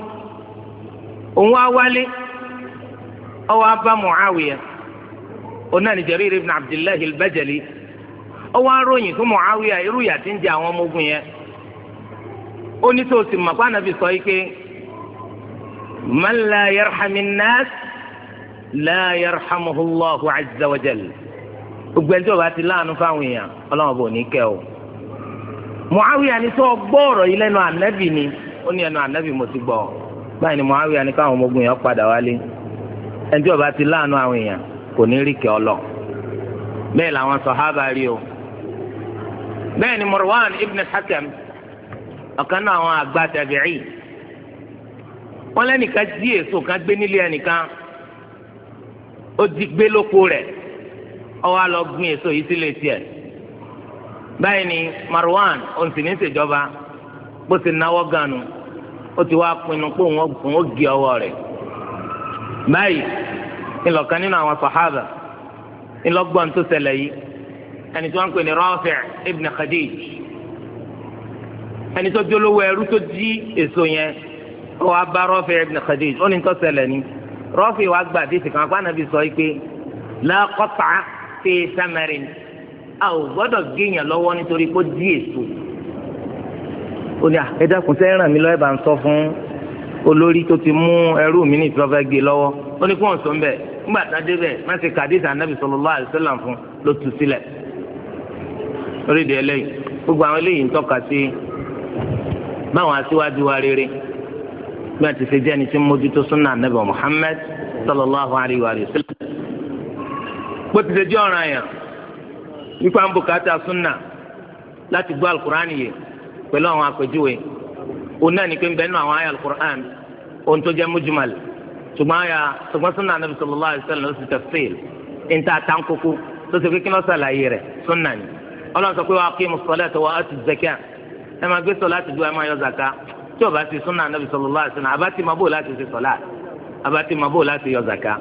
òun wá أو أبا معاوية، onáni جرير ibn عبد الله البجلي، أو أروني ثم معاوية irú yà ti ń jẹ àwọn ọmọ ogun yẹn ó ní tó o sì mọ̀ pé ànábì sọ yìí pé man la yarhami nas la yarhamuhu allahu azza wa jal gbogbo ẹni tí o bá ti láàánú fáwọn èèyàn ọlọ́run bò ní kẹ́ o muawiya ni sọ gbọ́ yìí lẹ́nu ànábì ni ó ní ẹnu ànábì mo ti gbọ́ báyìí ni muawiya ni káwọn ọmọ ogun yẹn padà wálé ẹni tí ó bá ti láàánú àwọn èèyàn kò ní rí kẹ́ ọlọ bẹ́ẹ̀ làwọn sọhábà rí o bẹ́ẹ̀ ni Marwan ibn Hakam ọ̀kan náà àwọn àgbà tàbíì wọn lẹ́nìkan jí èso kan gbé nílé ẹnìkan ó di gbé lóko rẹ̀ ó wá gbin èso yìí sílé tiẹ̀ báyìí ni Marwan òǹtìní ṣèjọba bó ti náwó ganu ó ti wá pinnu pé òun ó gé ọwọ́ rẹ̀ báyìí ńlọkàn nínú àwọn sàhábà ńlọgbọ́n tó ṣẹlẹ̀ yìí ẹni tí wọ́n ń pè ní Rafi' ibn Khadij ẹni tó jólówó ẹrú tó jí èso yẹn ó wá bá Rafi' ibn Khadij ó ní tó ṣẹlẹ̀ ni Rafi' wá gba àdéhùn kan apá nàbí sọ pé la qat'a fi a ò gbọ́dọ̀ géèyàn lọ́wọ́ nítorí kó jí èso ó ní ah, ẹ̀dá kùsẹ́ ràn mí lọ́ọ́ ẹ̀ bá ń sọ fún olórí tó ti mú ẹrú mi ní ìfọwọ́fẹ́ gbé lọ́wọ́ ó ní kí wọ́n sọ ń bẹ̀ ńgbà tá a dé bẹ̀ má ti kàdísà anábì sallallahu alaihi wasallam fún ló tu sílẹ̀ lórí ìdí ẹlẹ́yìn gbogbo àwọn eléyìí ń tọ́ka sí báwọn aṣíwájú wa rere bí wọ́n ti ṣe jẹ́ni tí ń mójútó súnà anábì Muhammad sallallahu bó ti ṣe jẹ́ ọ̀ràn nípa ń bùkátà súnà láti gbọ́ òun náà ní pé ń bẹ nínú àwọn àyà alukur'an ohun tó jẹ́ mujmal ṣùgbọ́n àyà ṣùgbọ́n sunna anabi sallallahu alayhi wa sallam ló ti tafsir ń ta tán kókó tó ṣe pé kí wọ́n ṣàlàyé rẹ̀ sunna ni ọlọ́run sọ pé wa aqimu salata wa atu zakat ẹ máa gbé sọlá ti dúró ẹ máa yọ zaka tí o bá ti sunna anabi sallallahu alayhi wa sallam abati mabó láti ṣe sọlá abati mabó láti yọ zaka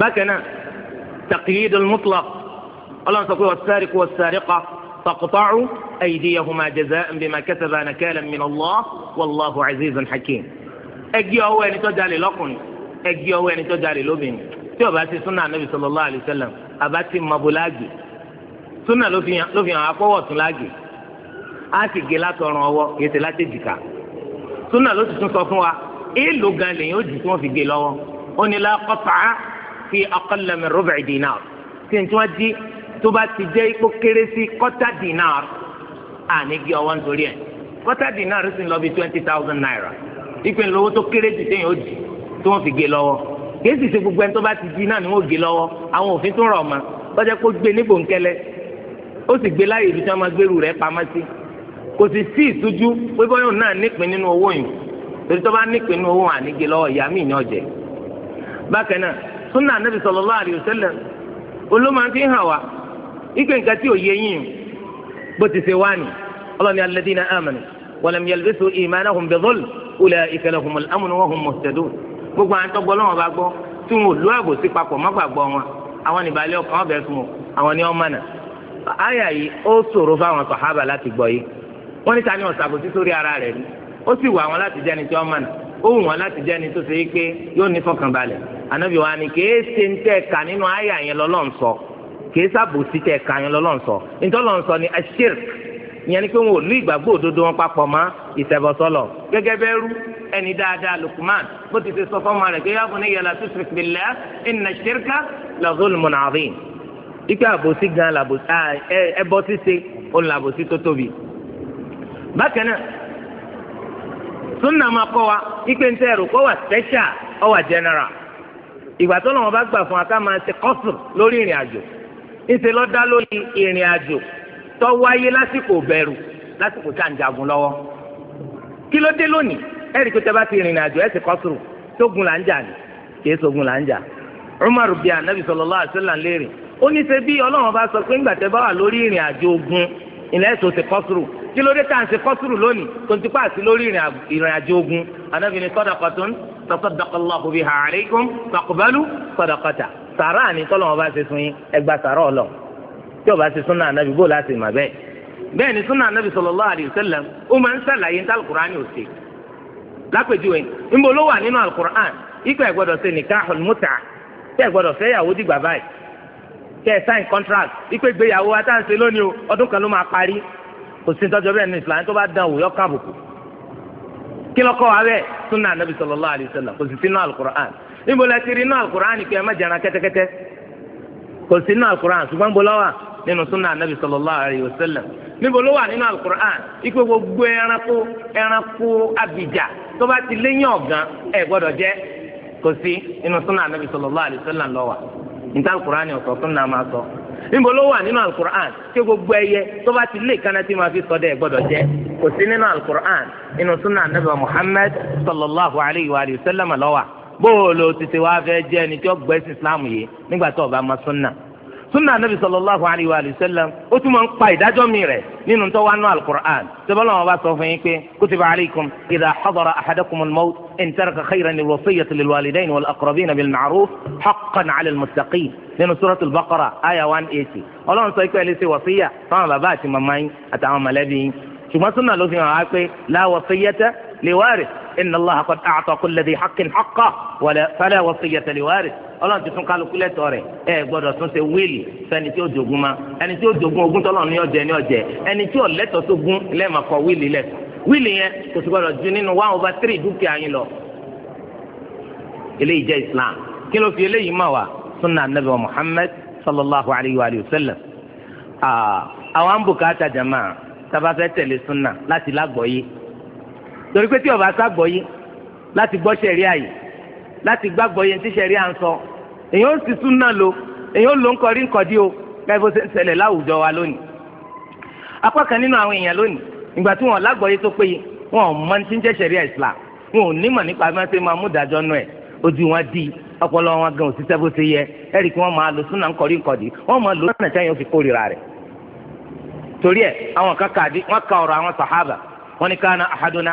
bákan náà taqyidul mutlaq ọlọ́run sọ pé was-sariqu was-sariqa فاقطعوا أيديهما جزاء بما كسبا نكالا من الله والله عزيز حكيم ẹgbẹ́ ọwọ́ ẹni tó jalè lọ́kùnrin ẹgbẹ́ ọwọ́ ẹni tó jalè lóbìnrin tí ó bá ti súnà Ànábì sallallahu alaihi wasallam àbá ti mabò láàgì súnà ló fi hàn akọ́wọ̀ tún láàgì á sì gé látọrùn ọwọ́ kìí ṣe láti jìkà súnà ló ti tún sọ fún wa èèlò gan lèyìn ó jù tí wọ́n fi gé lọ́wọ́ ó ní la qat'a fi aqalla min rub'i dinar tí n tí wọ́n jí tó bá ti jẹ́ ipò kéré sí kọ́tà dinar àní gé ọwọ́ nítorí ẹ̀ kọ́tà dinar sì ń lọ bí twenty thousand naira ìpè lówó tó kéré jù téèyàn ó jì tí wọ́n fi gé lọ́wọ́ kìí sì ṣe gbogbo ẹni tó bá ti di náà ni wọ́n gé lọ́wọ́ àwọn òfin tó rọ̀ ọ́ ma bọ́jà kó gbé ní bòńkẹ́lẹ́ ó sì gbé láyè ibi tí wọ́n máa gbèrú rẹ̀ pamọ́ sí kò sì sí ìtújú pé bọ́yọ̀ náà nípìn nínú owó yìí torí tó bá nípìn nínú owó àní gé lọ́wọ́ ìyá mi ìyàn jẹ bákan náà súnà anábì sallallahu alaihi fi hàn wá ike nǹkan tí ò yé yín bó ti ṣe wá ni ọlọ́ni alladhina amanu walam yalbisu imanahum bizulm ulaika lahumul amnu wa hum muhtadun gbogbo àwọn tọgbọ lọ́wọ́ bá gbọ́ tí wọn ò lú sí papọ̀ má gbàgbọ́ wọn àwọn ìbàlẹ̀ ọkàn ọbẹ̀ fún wọn àwọn ni wọn mọ̀nà àyà yìí ó ṣòro fáwọn sàhábà láti gbọ́ yìí wọ́n ní ta ni ọ̀sàbòsí sórí ara rẹ̀ ni ó sì wà wọn láti jẹ́ni tí wọ́n mọ̀nà ó wù wọn láti jẹ́ni tó ṣe é pé yóò ní fọkànbalẹ̀ ànábì wa ni kèé ń tẹ̀ ká nínú àyà yẹn lọ́lọ́ kì í sábòsí tẹ kàyàn lọ́lọ́run sọ ntọ́lọ́run sọ ni ashirk ìyẹn ni pé wọn ò lú ìgbàgbọ́ òdodo wọn papọ̀ mọ́ ìṣẹ̀bọ̀sọlọ̀ gẹ́gẹ́ bẹ́ẹ̀ rú ẹni dáadáa Lukman bó ti ṣe sọ fọ́mọ rẹ̀ pé yàgò ní yàrá tó ṣe pèlè inna shirka la zulmun azim ikú àbòsí gan làbòsí ẹbọ ṣíṣe òun làbòsí tó tóbi. bákan náà súnà máa kọ́ wa ipe ń tẹ́ ẹ̀rù wà special ó general ìgbà tó lọ́wọ́ bá gbà fún wa ká ṣe kọ́sùn lórí ìrìn àjò ńṣe lọ dá lórí ìrìn àjò tó wáyé lásìkò bẹ̀rù lásìkò tá à ń jagun lọ́wọ́ kí ló dé lónìí ẹ̀rí pé tẹ́bá ti rìnrìn àjò ẹ̀ sì kọ́ sùrù sógun là ń jà ní kìí sógun là ń jà Umar bíi anabi sallallahu alaihi wasallam léèrè ó ní ṣe bí Ọlọ́run bá sọ pé ńgbà tẹ́ bá wà lórí ìrìn àjò ogun ilẹ̀ ètò ti kọ́ sùrù kí ló dé tá à ń ṣe kọ́ sùrù lónìí tó ń ti pa àti lórí ìrìn àjò ogun anabi ni sadaqatun tasaddaqa sàrà ni tọ́lọ́wọ́n bá ṣe fún yín ẹgbà sàrà ọ̀lọ́ tí o bá ṣe súnà bó láti mà bẹ́ẹ̀ bẹ́ẹ̀ ni súnà ànábì sallallahu alaihi o máa ń ṣàlàyé ní alukur'an ò ṣe lápèjúwe níbo ló wà nínú alukur'an ikú ẹ̀ gbọ́dọ̀ ṣe nikahul mut'a tẹ́ ẹ̀ gbọ́dọ̀ fẹ́ yàwó dìgbà báyìí tẹ́ sign contract o ọdún kan ló máa parí kò sí tọ́jú bẹ́ẹ̀ ní Islam tó bá dán káàbùkù kí lọ́kọ́ wa bẹ́ẹ̀ níbo la ti rí inú alukur'an pé ẹ má jẹran kẹ́tẹ́kẹ́tẹ́ kò sí inú alukur'an ṣùgbọ́n níbo ló wà nínú sunna anabi sallallahu alayhi wa sallam níbo ló wà nínú alukur'an ikú gbogbo ẹranko ẹranko abidjan tó bá ti léyìn ọ̀gán ẹ gbọ́dọ̀ jẹ kò sí nínú sunna anabi sallallahu alayhi wa sallam ló wà níta alukur'an ni ọ̀sọ̀ sunna máa sọ níbo ló wà nínú alukur'an kí gbogbo ẹyẹ tó bá ti lé kaná tí máa fi sọdẹ ẹ gbọ́dọ̀ jẹ kò sí nínú alukur'an nínú sunna anabi muhammad sallallahu alayhi wa sallam ló bóòlù tètè wá fẹ́ jẹ́ ẹni tí ó gbẹ́sìn islam yìí nígbà tó bá máa sunna sunna anabi sallallahu alayhi wa sallam ó tún máa ń pa ìdájọ́ mi rẹ̀ nínú tó wà nù alukur'an sọlá wọn bá sọ fún yín pé kutiba alaykum idha hadara ahadakum al-mawt in taraka khayran al-wasiyyata lil-walidayni wal-aqrabina bil-ma'ruf haqqan 'ala al nínú surat al aya one eighty ọlọ́run sọ ìpẹ́ẹ́lẹ́ sí wàsíyà fáwọn bàbá àti màmá yín àtàwọn mọ̀lẹ́bí yín ṣùgbọ́n sunna ló fi hàn wá pé la wasiyyata li warith inna Allaha qad a'ta kulli dhi haqqin haqqahu fala wasiyyata liwarith ọlọ́run ti tún kálukú lẹ́tọ̀ rẹ̀ ẹ gbọ́dọ̀ tún ṣe wíìlì fẹ́ni tí ó jogun ma ẹni tí ó jogun ogún tọ́lọ́run ní ọjẹ́ ní ọjẹ́ ẹni tí ó lẹ́tọ̀ tó gún lẹ́ẹ̀ma kọ wíìlì lẹ̀ wíìlì yẹn kò sì gbọ́dọ̀ ju nínú one over three dúkìá yín lọ. eléyìí jẹ́ Islam kí ló fi eléyìí mà wá sunna anabi wa Muhammad sallallahu alayhi wa sallam. Ah, àwọn bùkátà jama tabafẹ́ tẹ̀lé sunna láti lágbọ̀ọ́yé torí pé tí ó bá ságbọ́ yìí láti gbọ́ sẹ̀ríà yìí láti gbàgbọ́ yẹn tí sẹ̀ríà ń sọ èyàn ó sì súnà lo èyàn ló ń kọrí nkọ̀dí o káyọ̀ bó ṣe ń ṣẹlẹ̀ láwùjọ wa lónìí. apá kan nínú àwọn èèyàn lónìí ìgbà tí wọn lágbọ́yé tó péye wọn ò mọ ti ń jẹ́ sẹ̀ríà Islam wọn ò nímọ̀ nípa bí wọ́n ṣe máa mú di ọpọlọ wọn gan òṣìṣẹ́ bó ṣe yẹ ẹ̀rì kí wọ́n máa lo súnà nkọ̀rí nkọ̀dí wọ́n máa lo lọ́nà táyọ̀ fi kórìíra rẹ̀ torí ẹ̀ àwọn kan kàdí wọ́n ka ọ̀rọ̀ àwọn sàhábà wọ́n ní káná àhádọ́nà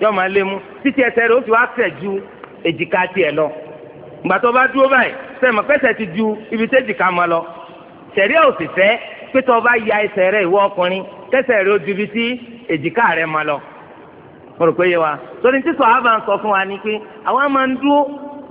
yóò máa lé mu títí ẹsẹ̀ rẹ̀ ó sì wá fẹ̀ ju èjìká tiẹ̀ lọ ìgbà tó bá dúró báyìí sẹ́mi pẹ́sẹ̀ ti ju ibi tí èjìká máa lọ sẹ̀ríà ò sì fẹ́ pé tó bá ya ẹsẹ̀ rẹ̀ ìwọ ọkùnrin kẹsẹ̀ rẹ̀ ó ju ibi tí èjìká rẹ̀ máa lọ. mo rò pé yé wa torí tí sọ̀hábà ń sọ fún wa ni pé àwa máa ń dúró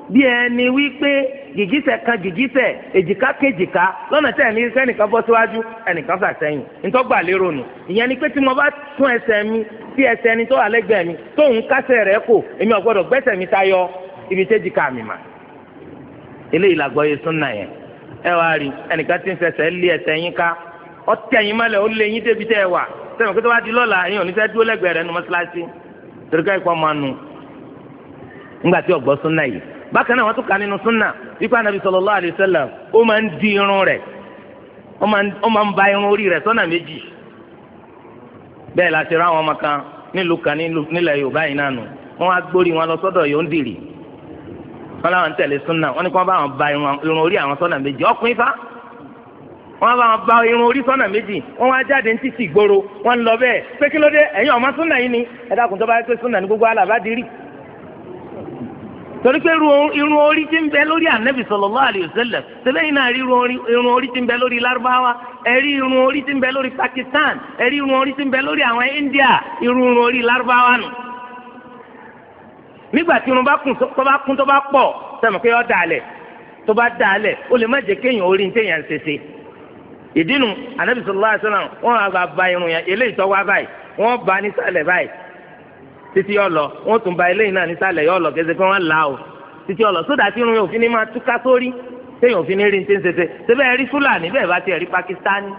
bí ẹni wípé gìgísẹ̀ kan gìgísẹ̀ èjìká kejìká lọ́nà tí ẹni kẹ́nìkan bọ́ síwájú ẹnìkan fàsẹ́yìn nítọ́gbà lérò nù ìyẹn ni pé tí mo bá tún ẹsẹ̀ mi tí ẹsẹ̀ ẹni tó wà lẹ́gbẹ̀ẹ́ mi tóun kásẹ̀ rẹ̀ kò èmi gbẹ́sẹ̀ mi tayọ ibi mà eléyìí yé súnà yẹn ẹ wá rí ń lé ẹsẹ̀ yín ká ó lé yín débi tẹ́ ẹ bákan náà wọ́n tún kà nínú súnà wípé anabi sallallahu alaihi wasallam ó máa ń di irun rẹ̀ ó máa ń ba irun orí rẹ̀ sọ́nà méjì bẹ́ẹ̀ la ti ra àwọn ọmọ kan nílùú kan nílẹ̀ yorùbá yìí náà nù wọ́n wá gbórí wọn lọ sọ́dọ̀ yóò ń dìrì wọ́n láwọn ń tẹ̀lé súnà wọ́n ní kí wọ́n bá wọn ba irun orí àwọn sọ́nà méjì ọkùnrin fa wọ́n bá wọn ba irun orí sọ́nà méjì wọ́n wá jáde ní títì gbòòrò wọ́n lọ bẹ́ẹ̀ pé kí ló dé ẹ̀yin ọmọ súnà yìí ni ẹ dákun tó bá yẹ pé súnà ní gbogbo torí pé irun orí ti ń bẹ lórí anabi sallallahu alayhi wa sallam sẹlẹyìn náà rí irun orí ti ń bẹ lórí Lárúbáwá ẹ rí irun orí ti ń bẹ lórí Pakistan ẹ rí irun orí ti ń bẹ lórí àwọn India irun orí Lárúbáwá nù. nígbà tí irun bá kún tó bá kún tó bá pọ̀ sẹ́mi pé ó dà lẹ̀ tó bá dà lẹ̀ ó lè má jẹ́ kéèyàn orí ní èèyàn ṣẹṣẹ. ìdí nu anabi sallallahu alayhi wọn àgbà ba irun yẹn eléyìí tó wá báyìí wọn bá nísàlẹ̀ báyìí títí yọ lọ wọn tún ba eléyìí náà nísàlẹ̀ yọ lọ gẹ́gẹ́ kí wọ́n là o títí yọ lọ sódà tí irun yóò fi ní máa túká sórí téèyàn fi ní rí ní tẹ́sẹ̀tẹ́ síbẹ̀ rí fúlàní bẹ́ẹ̀ bá tiẹ̀ rí pakistani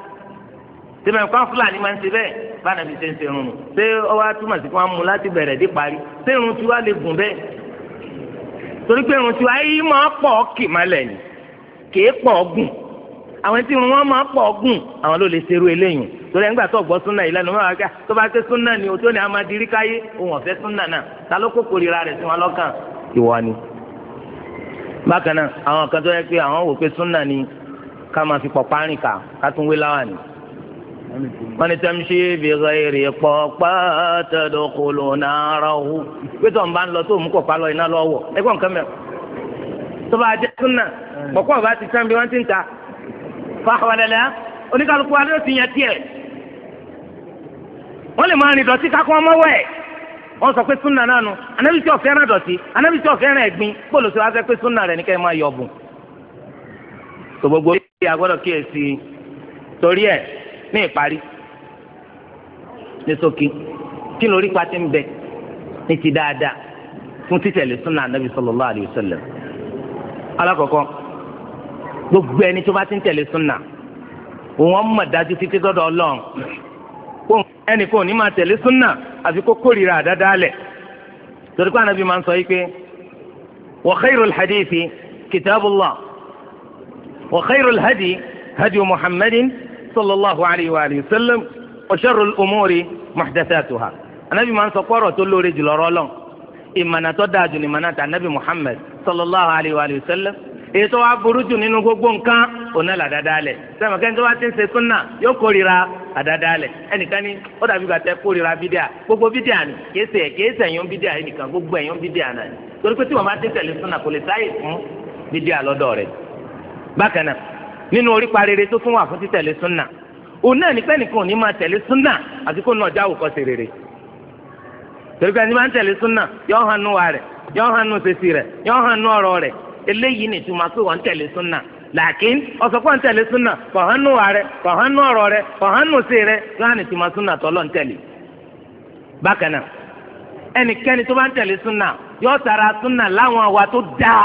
síbẹ̀ nǹkan fúlàní máa ń ṣe bẹ́ẹ̀ báyìí nàbí ṣe ń ṣe irun ṣé ọ wá túmọ̀ sí kí wọ́n mú láti bẹ̀rẹ̀ dé parí ṣé irun tí wàá lè gùn bẹ́ẹ̀ torí pé irun tí wàá yí máa pọ̀ kì àwọn tí irun wọn máa pọ̀ gùn àwọn ló lè ṣerú eléyìí torí ẹgbà tó gbọ́ súnà yìí lẹ́nu máa ká tó bá ké súnà ni òtún ni a máa dirí káyé òun ọ̀fẹ́ súnà náà ta ló kókò rira rẹ̀ sí wọn lọ́kàn ìwọ ni. bákan náà àwọn kan tó yẹ pé àwọn wò pé súnà ni ká máa fi pọ̀pá rìn kà ká tún wé láwà ni. wọ́n ní tẹ́mṣí bìrẹ̀ èrè pọ̀pá tẹ̀dọ̀ kòlò náà rà ó pé tó ń bá ń lọ tó mú pọ̀pá صح ولا لا oníkàlùkù wa ló ti yàn tiẹ̀ wọ́n lè máa rìn dọ̀tí kakọ ọmọ wẹ̀ wọ́n sọ pé súnà náà nu anábì tí ọ̀fẹ́ náà dọ̀tí anábì tí ọ̀fẹ́ náà gbin bóòlù tí wọ́n á fẹ́ pé súnà rẹ̀ ní kẹ́ ẹ máa bùn. tó gbogbo yìí agbọ́dọ̀ kíyèsí torí ẹ̀ ní ìparí ní ṣókí kí lórí ń bẹ ní ti dáadáa fún títẹ̀lé súnà gbogbo ẹni tó bá ti ń tẹ̀lé súnà wọ́n mọ̀ dájú títí dọ́dọ̀ ọlọ́run ẹnì kò ní máa tẹ̀lé súnà àfi kó kórìíra àdáda lẹ̀ torí pé anabi máa ń sọ yìí pé wa khairul hadithi kitabullah wa khairul hadi hadi muhammadin sallallahu alayhi wa sallam wa sharrul umuri muhdathatuha anabi máa ń sọ kọ́rọ̀ tó lóore jùlọ rọ́lọ́n ìmọ̀nà tó dáa jù ní mọ̀nà tà anabi muhammad sallallahu alayhi wa sallam ètò wa buru jù nínú gbogbo nǹkan òun náà sẹ́wọ̀n ti ń ṣe súnà yóò kórira àdáda ẹnìkan ni ó dàbí gbàtẹ́ kórira bídíà gbogbo gbogbo bidia bídíà náà ni torí pé tí wọ́n bá ti tẹ̀lé súnà kò lè sáyè fún bídíà lọ́dọ̀ rẹ̀ bákan náà nínú orí parere tó fún wà fún títẹ̀lé súnà òun náà ní pẹ́ẹ́nìkan eléyìí ni ìtumọ̀ pé wọ́n ń tẹ̀lé súnà làákín ọ̀sọ̀ pọ̀ ń tẹ̀lé súnà kọ̀hánú ààrẹ kọ̀hánú ọ̀rọ̀ rẹ kọ̀hánú sí rẹ láàrin ìtumọ̀ súnà tọ́lọ̀ ń tẹ̀lé. bákan náà ẹnikẹ́ni tó bá ń tẹ̀lé súnà yóò tara súnà láwọn àwa tó dáa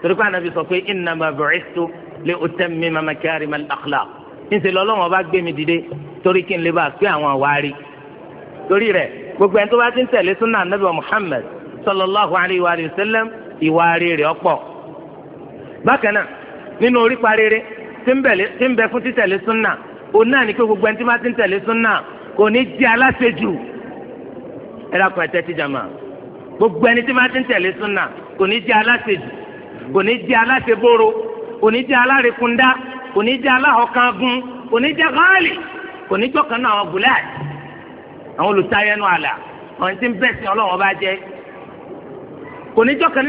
torí pé ànábi sọ pé innama bu'istu li utammima makarima al-akhlaq ńṣe lọ́lọ́wọ́n bá gbé mi dìde torí kí n lè bá pé bá ti ń ìwárí rẹ̀ ọ̀pọ̀ bákan náà nínú rere tí ń bẹ fún títẹ̀lé súnà òun náà ní kí gbogbo ẹni tí bá ti ń tẹ̀lé súnà kò ní jẹ́ aláṣejù ẹ dákun ẹ̀tẹ́ ti jàmà gbogbo ẹni tí bá ti ń tẹ̀lé súnà kò ní jẹ́ aláṣejù kò ní jẹ́ aláṣeboro kò ní jẹ́ alárekunda kò ní jẹ́ aláhọ̀kangun kò ní jẹ́ gáàlì kò ní jọ́kan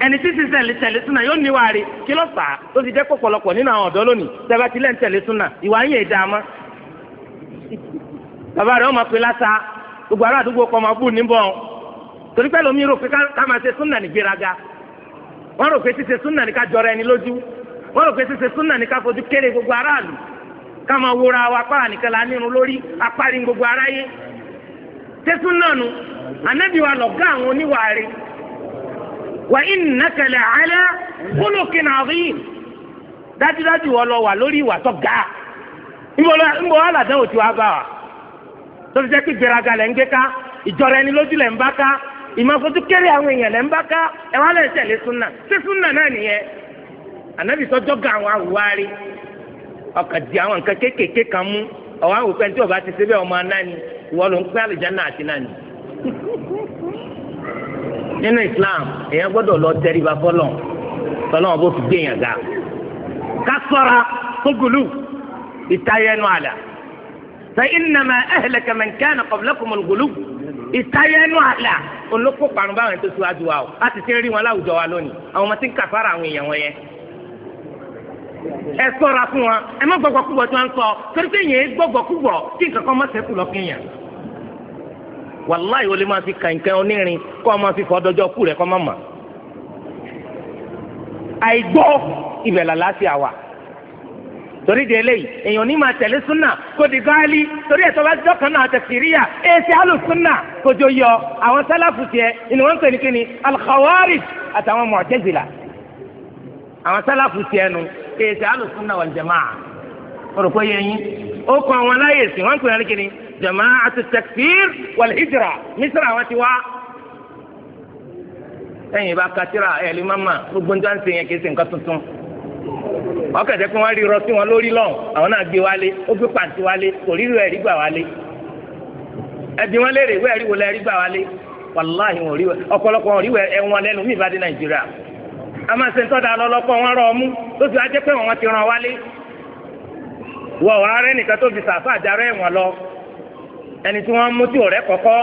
ẹni títí tẹ̀lé tẹ̀lé súnà yóò níwà rí kí ló fà á tó ti jẹ́ pọ̀pọ̀lọpọ̀ nínú àwọn ọ̀dọ́ lónìí tẹ́fẹ́ ti tẹ̀lé súnà ìwà yín èdè àmọ́. bàbá rẹ̀ ọmọ pé lásà gbogbo ará àdúgbò kọ́ máa bù níbọ̀ torí pẹ́ lómi rò pé ká máa ṣe súnà ní gbéraga wọ́n rò pé ṣíṣe súnà ní ká jọra ẹni lójú wọ́n rò pé ṣíṣe súnà ní ká fojú kéré gbogbo aráàlú ká máa wúra wa pàrà nìkan la nírun lórí apárí gbogbo aráyé ṣé súnà nu ànábì lọ̀gá àwọn oníwàárí وإنك لعلى خلق عظيم ala wọ́n lọ wà lórí ìwà tó ga ń bọ̀ aládàáwò tí wàá bá wa tó ti jẹ́ kí gbéraga lẹ̀ ń gbé ká ìjọra ẹni lójú lẹ̀ ń bá ká ìmọ̀fojú kéré àwọn èèyàn lẹ̀ ń bá ká ẹ wá lẹ̀ ń tẹ̀lé súnà ṣé súnà náà nìyẹn di nínú islam èèyàn gbọ́dọ̀ lọ tẹríba fọlọ tọlọ wọn bó fi gbé yàn ga kásọra kógulu ìtayẹnu àlà fa innama ahlaka man kana qablakum al-ghulu ìtayẹnu àlà olóko parun báwọn tó síwájú wa o láti ṣe rí wọn láwùjọ wa lónìí àwọn ọmọ tí ń kàfàrà àwọn èèyàn wọn yẹn ẹ ṣọ́ra fún wa ẹ má gbọgbọ kúgbọ tí wọn sọ torí pé yẹn gbọgbọ kúgbọ tí nǹkan kan má ṣẹ́kù lọ fún wàláyé o lè máa fi kànkàn onírin kó o máa fi fọ́ dọ́jọ́ kú rẹ̀ kọ́ máa mà. àìgbọ́ ibẹ̀ làlàáfíà wà torí de eléyìí èèyàn ní máa tẹ̀lé súnà kó di gáálí torí ẹ̀ tó bá jọ́ kan náà tẹ̀síríyà èsì àlù súnà kójó yọ àwọn sálàfù tiẹ̀ ni wọ́n ń pè ní kíni alkhawarij àtàwọn mu'tazila àwọn sálàfù tiẹ̀ nu èsì àlù súnà wal jamaa. o jamaatu takfir walhijra misra wọn ti wá. sẹ́yìn bá katira ẹ̀ẹ́lì mama gbogbo ń dáhùn sèyàn kìí ṣe nǹkan tuntun. wọ́n kẹ̀sẹ̀ fún wọn rí irọ́ sí wọn lórí lọ́n àwọn náà gbé wálé ó gbé pàǹtí wálé kò rí irú ẹ̀rí gbà wálé. ẹ̀dín wọn léèrè ìwé ẹ̀rí wo lẹ́ẹ̀rí gbà wálé wàláhì wọn rí ọ̀pọ̀lọpọ̀ wọn rí ẹ̀wọ̀n lẹ́nu mí ìbàdí nàìjíríà. a máa ṣe ń tọ́da wọn rọ ọmú tó ti wá jẹ́ pé wọn ti ràn wálé. wọ̀ wá rẹ́ tó fi sàfà ẹni tí wọ́n mú tí ọ̀rẹ́ kọ̀kọ́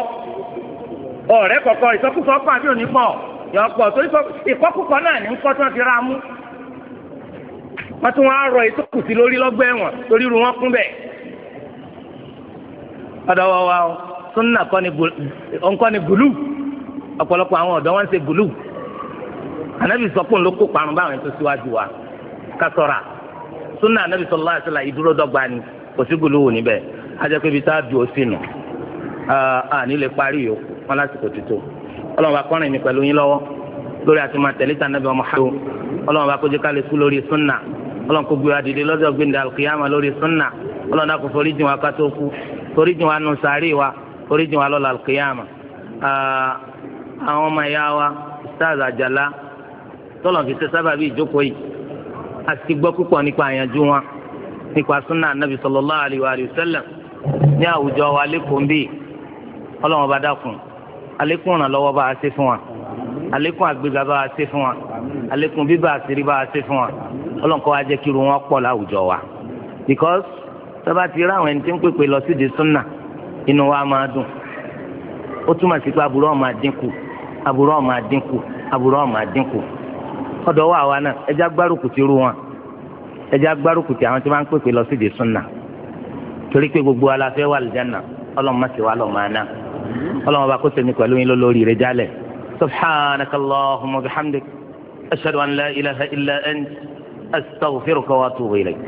ọ̀rẹ́ kọ̀kọ́ ìsọkúsọ pọ̀ àbí òní pọ̀ yọ pọ̀ torí ìkọ́kúkọ náà ní kọ́ tí wọ́n ti ra mú wọ́n tún wọ́n á rọ ìsọkùsí lórí lọ́gbẹ́ wọn torí irun wọn kún bẹ́ẹ̀. ọ̀dọ̀ wa wa sunna nǹkan ni gùlù ọ̀pọ̀lọpọ̀ àwọn ọ̀dọ́ wọn ń ṣe gùlù ànábì sọkùn ló kó parun báwọn tó síwájú wa kásọ̀ra sunna ànábì sallallahu alaihi wasallam ìdúró dọ́gba ni kò sí gùlù wò níbẹ̀ ajẹ́pẹ́ ibi tá a dùn ó sì nù àní lè parí yòókù wọn lásìkò títò ọlọ́run bá kọ́rin mi pẹ̀lú yín lọ́wọ́ lórí àti máa tẹ̀lé tàn nàbẹ̀ ọmọ hàlù ọlọ́run bá kójú kálí kú lórí súnà ọlọ́run kò gbé wa dìde lọ́jọ́ gbẹ̀ndẹ̀ alùkìyàmà lórí súnà ọlọ́run náà kò forí jìn wa ká kú forí jìn wa nù sàárì wa forí jìn wa lọ́la alùkìyàmà àwọn ọmọ ẹ̀yà wa stars àjàlá tọ́lọ̀ fi ṣe sábà bí ìjókòó yìí a ti gbọ́ púpọ̀ nípa àyànjú wọn nípa súnà nàbì ní àwùjọ wa lẹ́kọ̀ọ́ ń bì ọlọ́run bá dákun àlékún ìrànlọ́wọ́ bá a ṣe fún wa àlékún àgbéga bá a ṣe fún wa àlékún bíbá àṣírí bá a ṣe fún wa ọlọ́run kó wa jẹ́ kí irú wọn pọ̀ láwùjọ wa because tọ́ba ti rí àwọn ẹni tí ń pèpè lọ sídìí súnà inú wa máa dùn ó túmọ̀ sí pé aburú ọ̀ máa dínkù aburú ọ̀ máa dínkù aburú ọ̀ máa dínkù ọ̀dọ̀ wa wa náà ẹja gbárùkù ti rú wọn ẹja gbárùkù ti àwọn tí wọ́n ń pèpè lọ sídìí súnà torí pé gbogbo wa la fẹ́ wà lìjánà ọlọ́run má ti wà lọ́ọ́ máa ná ọlọ́run bá kó sẹ́mi pẹ̀lú yín lórí rẹ̀ jálẹ̀ subhanaka allahumma wa bihamdik ashhadu an la ilaha illa ant astaghfiruka wa atubu ilayk.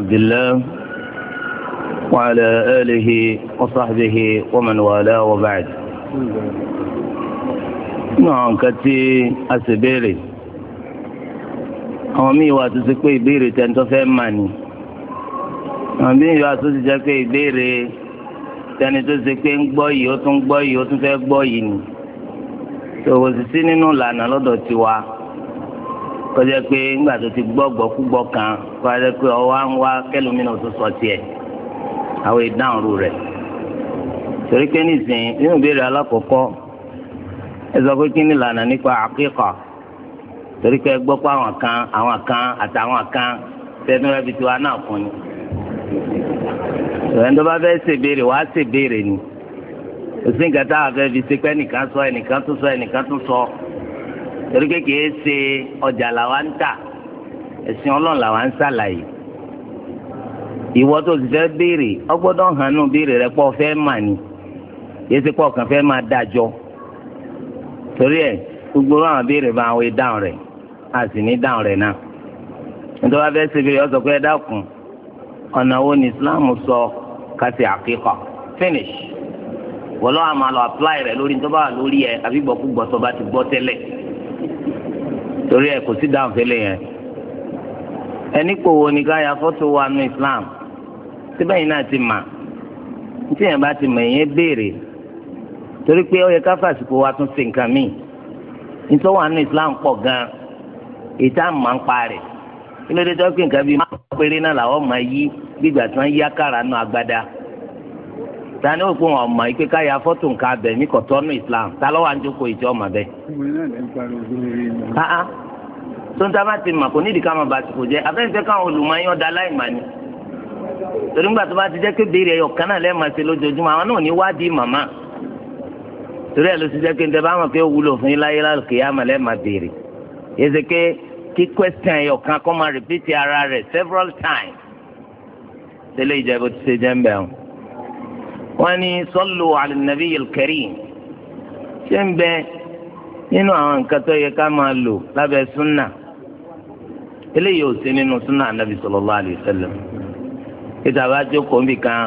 عبد الله وعلى آله وصحبه ومن والاه وبعد nínú àwọn nǹkan tí a sì béèrè àwọn míì wà tó ti pé ìbéèrè tẹ́ńtọ́ fẹ́ mà ní àwọn míì wà tó ti jẹ́ pé ìbéèrè tẹni tó ṣe pé ń gbọ́ yìí ó tún gbọ́ yìí ó tún fẹ́ gbọ́ yìí ni tòwò sì sí nínú ìlànà lọ́dọ̀ tiwa kọjá pé ńgbà tó ti gbọ́ gbọ́kúgbọ́ kan kọjá pé ọwọ́ ń wá kẹlòmínà tó sọ tiẹ̀ àwọn ìdáhùn torí pé nínú ìbéèrè alákọ̀ọ́kọ́ ẹ sọ kí ni nípa àkíkà torí pé gbọ́ pé àwọn kan àwọn kan àtàwọn kan tẹnu rẹ fi ti náà kún ni tó bá fẹ́ ṣèbéèrè wàá ṣèbéèrè ni òsì nǹkan tá a fẹ́ fi ṣe pé ẹnìkan sọ ẹnìkan sọ ẹnìkan sọ ọjà làwa ń tà ẹ̀sìn ọlọ́run làwa ń ṣàlàyé ìwọ tó ti fẹ́ béèrè ọgbọ́dọ̀ yéésì pọ̀ kàn fẹ́ máa dájọ́ torí ẹ gbogbo àwọn abéèrè bá àwọn ìdáhùn rẹ̀ a sì ní dáhùn rẹ̀ náà nítorí ẹ dákun ọ̀nà wo ni Islam sọ finish apply rẹ̀ lórí wà lórí àbí gbọ̀kúgbọ̀ tó bá ti gbọ́ tẹ́lẹ̀ torí kò sí dáhùn fẹ́lẹ̀ ẹni kò wo Islam síbẹ̀ yìí náà ti mà ní tí yẹn bá ti yẹn torí pé ó yẹ ká fàsìkò wa tún ṣe nǹkan míì nítorí wà nínú Islam pọ̀ gan ìta máa ń parẹ̀ kí ló dé tó pé nǹkan bíi máa péré náà làwọn máa yí gbígbà tí wọ́n yí àkàrà nù agbada ta ni ó pé wọn mọ̀ ipe ká ya fọ́tò nǹkan abẹ ní kọ̀tọ́nù Islam ta lọ́wọ́ à ń jókòó ìjọ ọmọ bẹ́ẹ̀. Ah, ah. tó ń ta bá ti mà kò nídìí ká máa bá àsìkò jẹ abẹ́ǹtẹ́ káwọn olùmọ̀ọ́yìn ọ̀dà aláìmọ̀ ni torí ńgbà tó bá ti jẹ́ pé ẹ̀yọ̀ kan náà lẹ́ẹ̀ máa ṣe lójoojúmọ́ àwọn náà ní wádìí màmá torí ẹ̀ ló ti jẹ́ pé ǹjẹ́ bá wọn pé ó wúlò fún yín láyé lálùkè yá màlẹ́ máa béèrè yéèzé pé kí question ẹ̀yọ̀ kan kọ́ máa repeat ara rẹ̀ several times tẹ́lẹ̀ ìjẹ́ bó ti ṣe jẹ́ ń bẹ̀ wọn. wọ́n ní sallu ala nabiyil karim ṣé ń bẹ nínú àwọn nǹkan tó yẹ ká máa lò lábẹ́ súnà eléyìí ò sí nínú súnà anabi sallallahu alayhi wa sallam ìtàbá jókòó nbìkan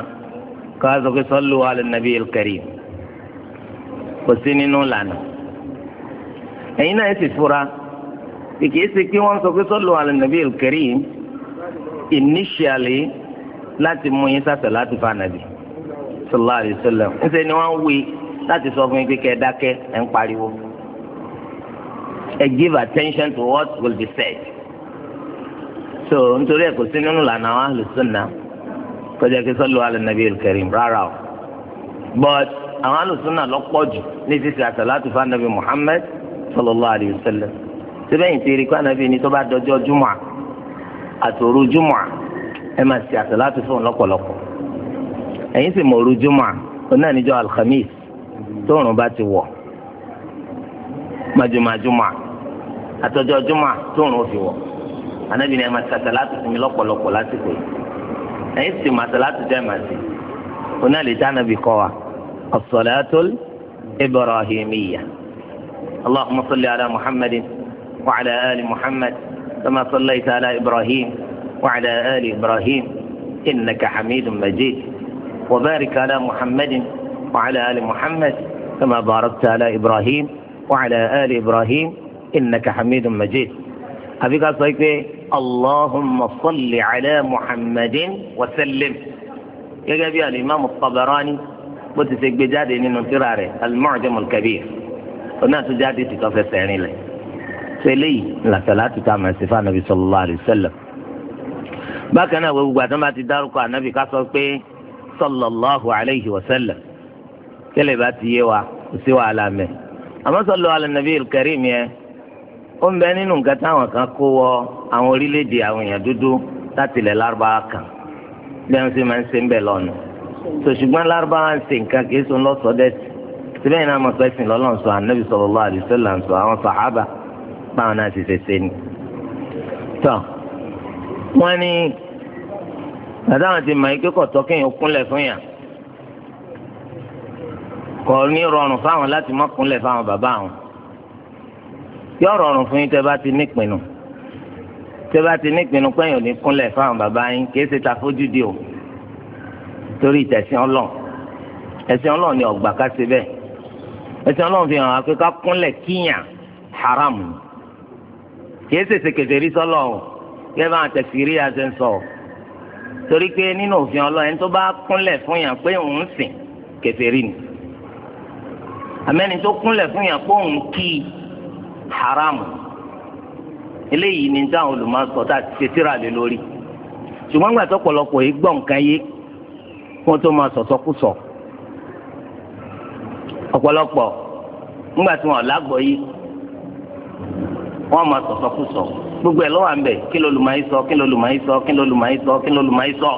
ká sọ pé sallu ala nabiyil kò sí nínú lànà ẹ̀yin náà sì fura kìkì í ṣe pé wọ́n sọ pé sọ́lù alẹ́nàbí ìkẹrì initially láti mú yín sàṣẹ láti fa nàbì sallallahu alaihi wasallam ńṣe ni wọ́n wí láti sọ fún yín pé kẹ́ ẹ dákẹ́ ẹ̀ ń pariwo ẹ give attention to what will be said so nítorí ẹ kò sí nínú lànà àwọn ahlùsùn náà kọjá kí sọ́lù alẹ́nàbí ìkẹrì rárá o but àwọn alùsùnà lọ́pọ̀ jù ní sísè àsàlátù fún anabi muhammed sallallahu alayhi wa sallam síbẹ̀yìn tí erikọ́ anabi ni tó bá dọjọ́ jùmọ̀ àtòru jùmọ̀ ẹ máa ṣe àsàlátù fún lọ́pọ̀lọpọ̀ ẹ̀yin sì mọ̀ọ́rù jùmọ̀ onáà níjọ́ alhamis tóòrùn bá ti wọ̀ májúmájúmọ̀ àtọ́jọ́ jùmọ̀ tóòrùn ó fi wọ̀ anabi ni ẹ máa ṣe àsàlátù fún mi lọ́pọ̀lọpọ̀ lásìkò yìí ẹ̀yin sì mọ̀ àsàlátù jẹ́ màá sí onáà lè الصلاة الإبراهيمية اللهم صل على محمد وعلى آل محمد كما صليت على إبراهيم وعلى آل إبراهيم إنك حميد مجيد وبارك على محمد وعلى آل محمد كما باركت على إبراهيم وعلى آل إبراهيم إنك حميد مجيد أبيك أصيك اللهم صل على محمد وسلم يجب الإمام الطبراني bó ti ṣe gbé jáde nínú tírà rẹ̀ al-Mu'jam al-Kabir onáà tó jáde ti tọ́ fẹsẹ̀ rìn lẹ̀ ṣe eléyìí làtàlá ti ta àmọ̀ sífà nàbì sallallahu alaihi wasallam bákan náà gbogbo àti bá ti dárúkọ ànábì ká sọ pé sallallahu alaihi wasallam kẹlẹ bá ti yé wa kò sí wàhálà mẹ àmọ́ sallu ala nabiyyil karim yẹn ó ń bẹ nínú nǹkan táwọn kan kó wọ àwọn orílẹ̀-èdè àwọn èèyàn dúdú láti lárúbáwá kan bí wọ́n ṣe máa ń ṣe ń bẹ̀ lọ́nà sòṣùgbọ́n lárúbáwá ń ṣe nǹkan kì í sọ lọ́sọ̀dẹ́sì síbẹ̀ náà mọ̀ pẹ́sìn lọ́lọ́run sọ ànábì sallallahu alaihi wasallam sọ àwọn sàhábà báwọn náà ti ṣe ṣe ni. tọ́ wọ́n ní àtàwọn ti mọ̀ ike kọ̀tọ́ kéèyàn kúnlẹ̀ fún yàn kò ní rọrùn fáwọn láti má kúnlẹ̀ fáwọn bàbá àwọn yọ rọrùn fún yín tẹ́ bá ti nípinnu tẹ́ bá ti nípinnu pẹ́yìn ò ní kúnlẹ̀ fáwọn bàbá yín kì í ṣe ta fojú di o torí ìtẹ̀sìn ọlọ́run ẹ̀sìn ọlọ́run ni ọ̀gbà ká ṣe bẹ́ẹ̀ ẹ̀sìn ọlọ́run fi hàn wá pé ká kúnlẹ̀ kíyàn haram kìí ṣèṣe kèfèrí sọ́lọ̀ o yẹ́n bá tẹ̀sírí àṣẹ ń sọ torí pé nínú òfin ọlọ́run ẹni tó bá kúnlẹ̀ fún yàn pé òun sìn kèfèrí ni àmẹ́ni tó kúnlẹ̀ fún yàn pé òun kí haram eléyìí ni táwọn olùmọ̀ sọ tá a ti ṣe tíra lé lórí ṣùgbọ́n gbàtọ́ pọ̀lọpọ̀ yìí gbọ̀ nǹkan yìí kí wọ́n tó máa sọ̀sọ́kùsọ̀ ọ̀pọ̀lọpọ̀ ńgbà tí wọ́n lágbọ̀ yìí wọ́n máa sọ̀sọ́kùsọ̀ gbogbo ẹ̀ lọ́wọ́ à ń bẹ̀ kí ló lùmọ̀ yìí sọ kí ló lùmọ̀ yìí sọ kí ló lùmọ̀ yìí sọ kí ló lùmọ̀ yìí sọ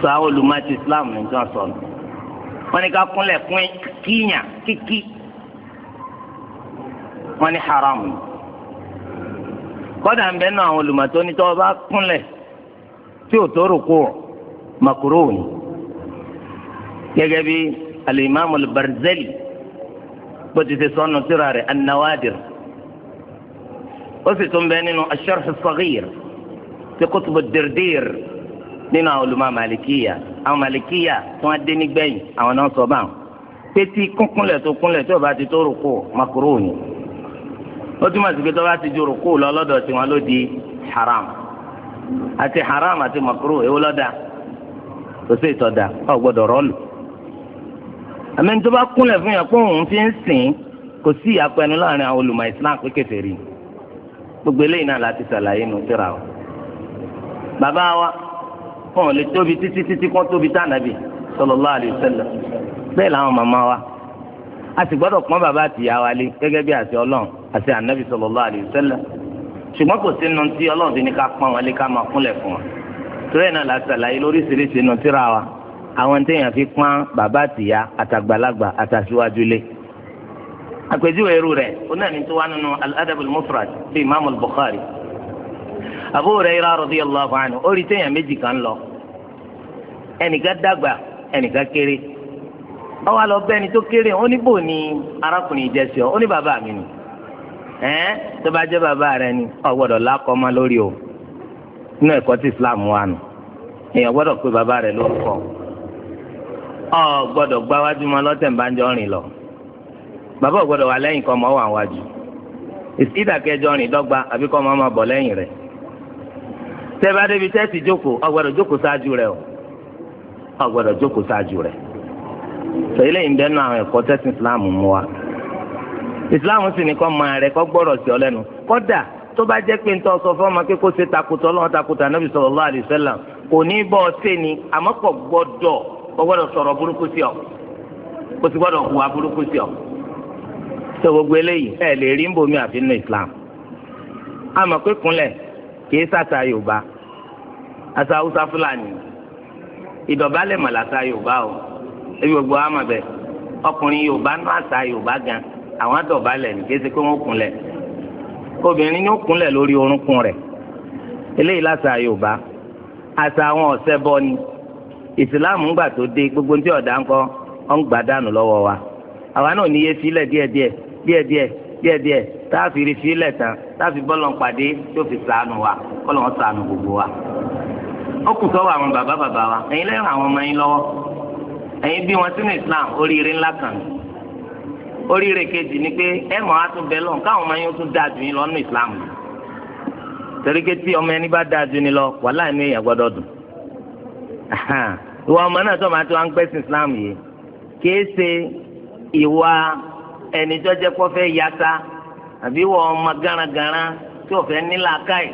sọ àwọn olùmọ̀ ti Islam ní tí wọ́n sọ nù wọ́n ní ká kúnlẹ̀ kún kíyàn kíkí wọ́n ní haram ni kọ́dà ń bẹ́ nù àwọn olùmọ̀ tó ní tọ́ bá kúnlẹ̀ tí ò tó rò kó makuro ni gẹ́gẹ́ bí alimami al-Barzali bó ti ṣe sọnù tírà rẹ̀ an-Nawadir ó sì tún bẹ nínú ash-Sharh as-Saghir ti Qutb ad-Dirdir nínú àwọn olùmọ̀ malikiya àwọn malikiya tí wọ́n dé nígbẹ̀yìn àwọn náà sọ báwọn pétí kúnkúnlẹ̀ tó kúnlẹ̀ tí bá ti tó rúkú makruh ó túmọ̀ sí pé tó bá ti ju rúkú lọ lọ́dọ̀ tí wọ́n ló di haram àti haram àti makruh èwo lọ́dà kò sí ìtọ́da ọ̀ gbọ́dọ̀ rọ́ọ̀lù àmẹ́ni tó bá kúnlẹ̀ fún yàn pé òun ti ń sìn kò sí ìyàpẹnu láàrin àwọn olùmọ̀ islam pé kèfèrí gbogbo eléyìí náà láti ṣàlàyé nù síra o bàbá wa wọn ò lè tóbi títí títí kó tóbi tá ànábì sallallahu alaihi wasallam bẹ́ẹ̀ làwọn màmá wa a sì gbọ́dọ̀ pọ́n bàbá àtìyá wa lé gẹ́gẹ́ bí àti Ọlọ́run àti ànábì sallallahu alaihi wasallam ṣùgbọ́n kò sínú tí Ọlọ́run ti ní ká pọ́n wọn lé ká máa kúnlẹ̀ fún wọn torí àwọn téèyàn fi pọ́n bàbá àtìyá àtàgbàlagbà àtàṣíwájú lé àpèjúwe irú rẹ̀ ó náà ní tó wá nínú al mufrad bí imaamu bukhari abu hurairah radiyallahu anhu ó rí téèyàn méjì kan lọ ẹnìkan dàgbà ẹnìkan kéré ó wá lọ bẹ́ẹ̀ ni tó kéré ó ní bò ní arákùnrin ìjẹsì ọ ó ní bàbá mi ni ẹ̀ẹ́n tó bá jẹ́ bàbá rẹ ni ọ gbọ́dọ̀ lákọ́mọ lórí o nínú ẹ̀kọ́ tí islam wà nù èèyàn gbọ́dọ̀ pé bàbá rẹ lórúkọ ọ gbọ́dọ̀ gbá wájú mọ́ lọ́tẹ̀ ń bá ń jọ rìn lọ bàbá ò gbọ́dọ̀ wà lẹ́yìn kọ́ mọ́ wà wájú ìdàkẹjọ rìn dọ́gba àbí kọ́ mọ́ máa bọ̀ lẹ́yìn rẹ̀ tẹ́ bá débi tẹ́sì jókòó ọ gbọ́dọ̀ jókòó ṣáájú rẹ̀ o ọ gbọ́dọ̀ jókòó ṣáájú rẹ̀ sọ ilé ìbẹ́nu àwọn ẹ̀kọ́ tẹ́sí Islam mú wa Islam sì ní kọ́ máa rẹ̀ kọ́ gbọ́rọ̀ sí ọ lẹ́nu kọ́dà tó bá jẹ́ pé ń tọ́ sọ fún ọmọ pé kó ṣe takùtọ̀ Ọlọ́run takùtà Nabi sallallahu alaihi wasallam kò ní bọ́ ọ kò gbọ́dọ̀ sọ̀rọ̀ burúkú sí ọ kò sì gbọ́dọ̀ hùwà burúkú sí ọ tó gbogbo eléyìí ẹ lè rí nbomi àfi nínú Islam àmọ́ pé kúnlẹ̀ kìí sàtà Yorùbá àṣà Haúsá Fúlàní ìdọ̀bálẹ̀ màlàṣà Yorùbá o ebi gbogbo àmọ́ bẹ ọkùnrin Yorùbá nú àṣà Yorùbá gan àwọn àdọ̀bálẹ̀ ní kí ẹ ṣe pé wọ́n kúnlẹ̀ obìnrin ní ó kúnlẹ̀ lórí orúnkún rẹ̀ eléyìí láṣà Yorùbá àṣà àwọn ọ̀sẹ̀ bọ́ ni. ìsìláàmù ńgbà tó dé gbogbo tí ọ̀dà ńkọ́ ọ̀n gbà dànù lọ́wọ́ wa àwa náà níye sílẹ̀ díẹ̀díẹ̀ díẹ̀díẹ̀ díẹ̀díẹ̀ tá a fi rí sílẹ̀ tán tá a fi bọ́lọ̀ ń pàdé tó fi sànù wa ń sànù gbogbo wa. ó kù sọ́wọ́ àwọn bàbá bàbá wa ẹ̀yin lẹ́yìn àwọn ọmọ yín lọ́wọ́ ẹ̀yin bí wọn Islam oríire ńlá kan oríire kejì ni pé ẹ mọ̀ á tún bẹ káwọn ọmọ yín tún dáa yín Islam torí tí ọmọ ẹni bá dáa ìwà ọmọ náà tó máa tó à ń gbẹ́sìn Islam yìí kìí ṣe ìwà ẹni tó jẹ́ kó fẹ́ yasa àbí ìwà ọmọ garangaran tí ò fẹ́ nílà káì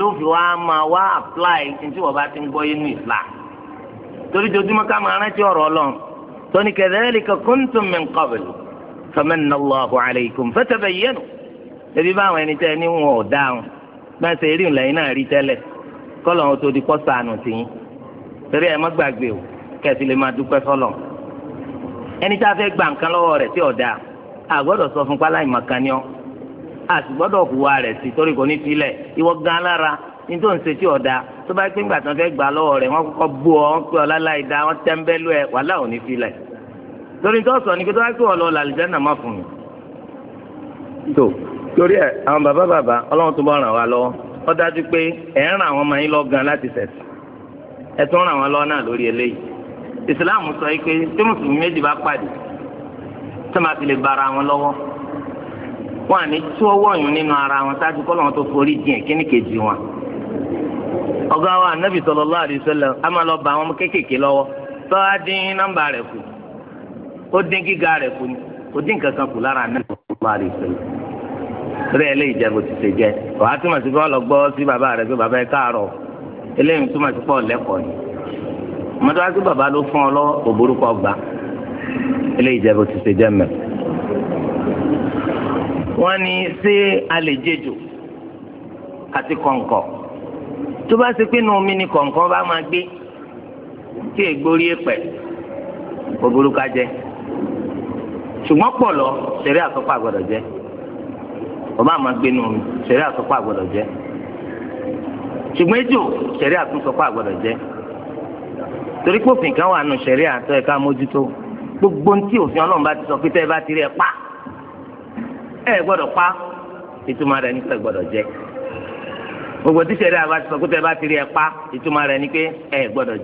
ló fi wá máa wá apply tí wọ́n bá ti ń gbọ́ inú Islam torí dojúmọ́ ká máa rántí ọ̀rọ̀ Ọlọ́run tó ní kadhalika kuntum min qabl famanna Allahu alaykum fatabayyanu ebi báwọn ẹni tẹ ẹni wọn ò dáhùn bá ṣe rí ìlànà rí tẹ́lẹ̀ kọlọ wọn torí ẹ má gbàgbé o kẹsì lè máa dúpẹ́ sọ́lọ̀ ẹni tá a fẹ́ gba nǹkan lọ́wọ́ rẹ̀ tí ọ̀dà a gbọ́dọ̀ sọ fún pálá ìmọ̀kaniọ́ ni sì gbọ́dọ̀ hùwà rẹ̀ sí torí kò ní tilẹ̀ ìwọ gan lára ní tó ń ṣe tí ọ̀dà tó bá gbé ńgbà tán fẹ́ gbà lọ́wọ́ rẹ̀ wọ́n kọ́kọ́ bú ọ wọ́n pé ọ̀la láì da wọ́n tẹ́ńbẹ́lú ẹ wàhálà ò ní tilẹ̀ torí tó sọ ni pé tó bá gbé ọ lọ làlìjẹ́ náà má fún mi. tó torí ẹ àwọn bàbá bàbá ọlọ́run tó bá ràn wá lọ́wọ́ ó dájú pé ẹ̀ ń ràn àwọn ọmọ yín lọ gan láti ṣẹ̀sìn ẹ tún ràn lọ náà lórí eléyìí islam sọ yìí pé tí mùsùlùmí méjì bá pàdé tí lè bára wọn lọ́wọ́ wọn àní tú ọwọ́ yùn nínú ara wọn ṣáájú kọ́ tó forí dín kejì wọn. wa anabi a máa lọ bá àwọn kéékèèké lọ́wọ́ tó a dín kù ó dín gíga kù dín kankan kù lára anabi bó ti ṣe wàá túmọ̀ sí fún sí bàbá eléyìí túmọ̀ sí pọ̀ lẹ́kọ̀ọ́ ni mọ́tò wáṣí bàbá ló fún ọ lọ òbúrúkọ gbà eléyìí jẹ́ bó ti ṣe jẹ́ mẹ́. wọ́n ní ṣé a lè jẹjò àti kọ̀ǹkọ̀ tó bá ṣe pé omi ni kọ̀ǹkọ̀ bá máa gbé tí ègbórí èpẹ̀ òbúrúkọ jẹ́ ṣùgbọ́n pọ̀ lọ ṣeré àsopọ̀ àgbọ̀dọ̀ jẹ́ ọba àmọ́ gbénu ṣeré àsopọ̀ àgbọ̀dọ̀ jẹ́ ṣùgbọ́n ejò ṣẹ̀rí àtúnṣọpá àgbọ̀dọ̀ jẹ́ torí pé òfin wà nù ṣẹ̀rí àtọ́ ẹ̀ka mójútó gbogbo ntí òfin ọlọ́run bá ti sọ pé tẹ́ ẹ bá ti rí pa ẹ gbọ́dọ̀ pa ìtumọ̀ rẹ ní pé gbọ́dọ̀ gbogbo tí ṣẹ̀rí àbá ti sọ pé tẹ́ ẹ bá ti rí pa ìtumọ̀ rẹ ní pé ẹ gbọ́dọ̀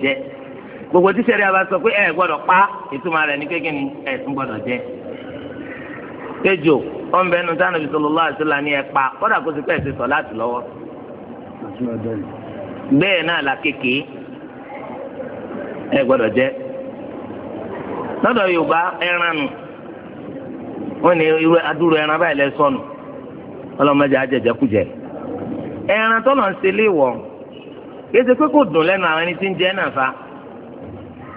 gbogbo tí ṣẹ̀rí àbá sọ pé ẹ gbọ́dọ̀ pa ìtumọ̀ rẹ ní kí ni ẹ tún gbọ́dọ̀ kéjò ọ̀nbẹ́nu tánàbí ẹ pa kọ́dà kó ti sọ láti lọ́wọ́ bẹ́ẹ̀ náà la kékeré ẹ gbọ́dọ̀ jẹ́ lọ́dọ̀ yorùbá ẹran nù wọ́n ní irú adúrú ẹran báyìí lẹ sọnù ọlọ́mọdé ajẹjẹkújẹ ẹran tọ́nà ń ṣe léèwọ̀ kéde pé kò dùn lẹ́nu àwọn ẹni tí ń jẹ́ náà fa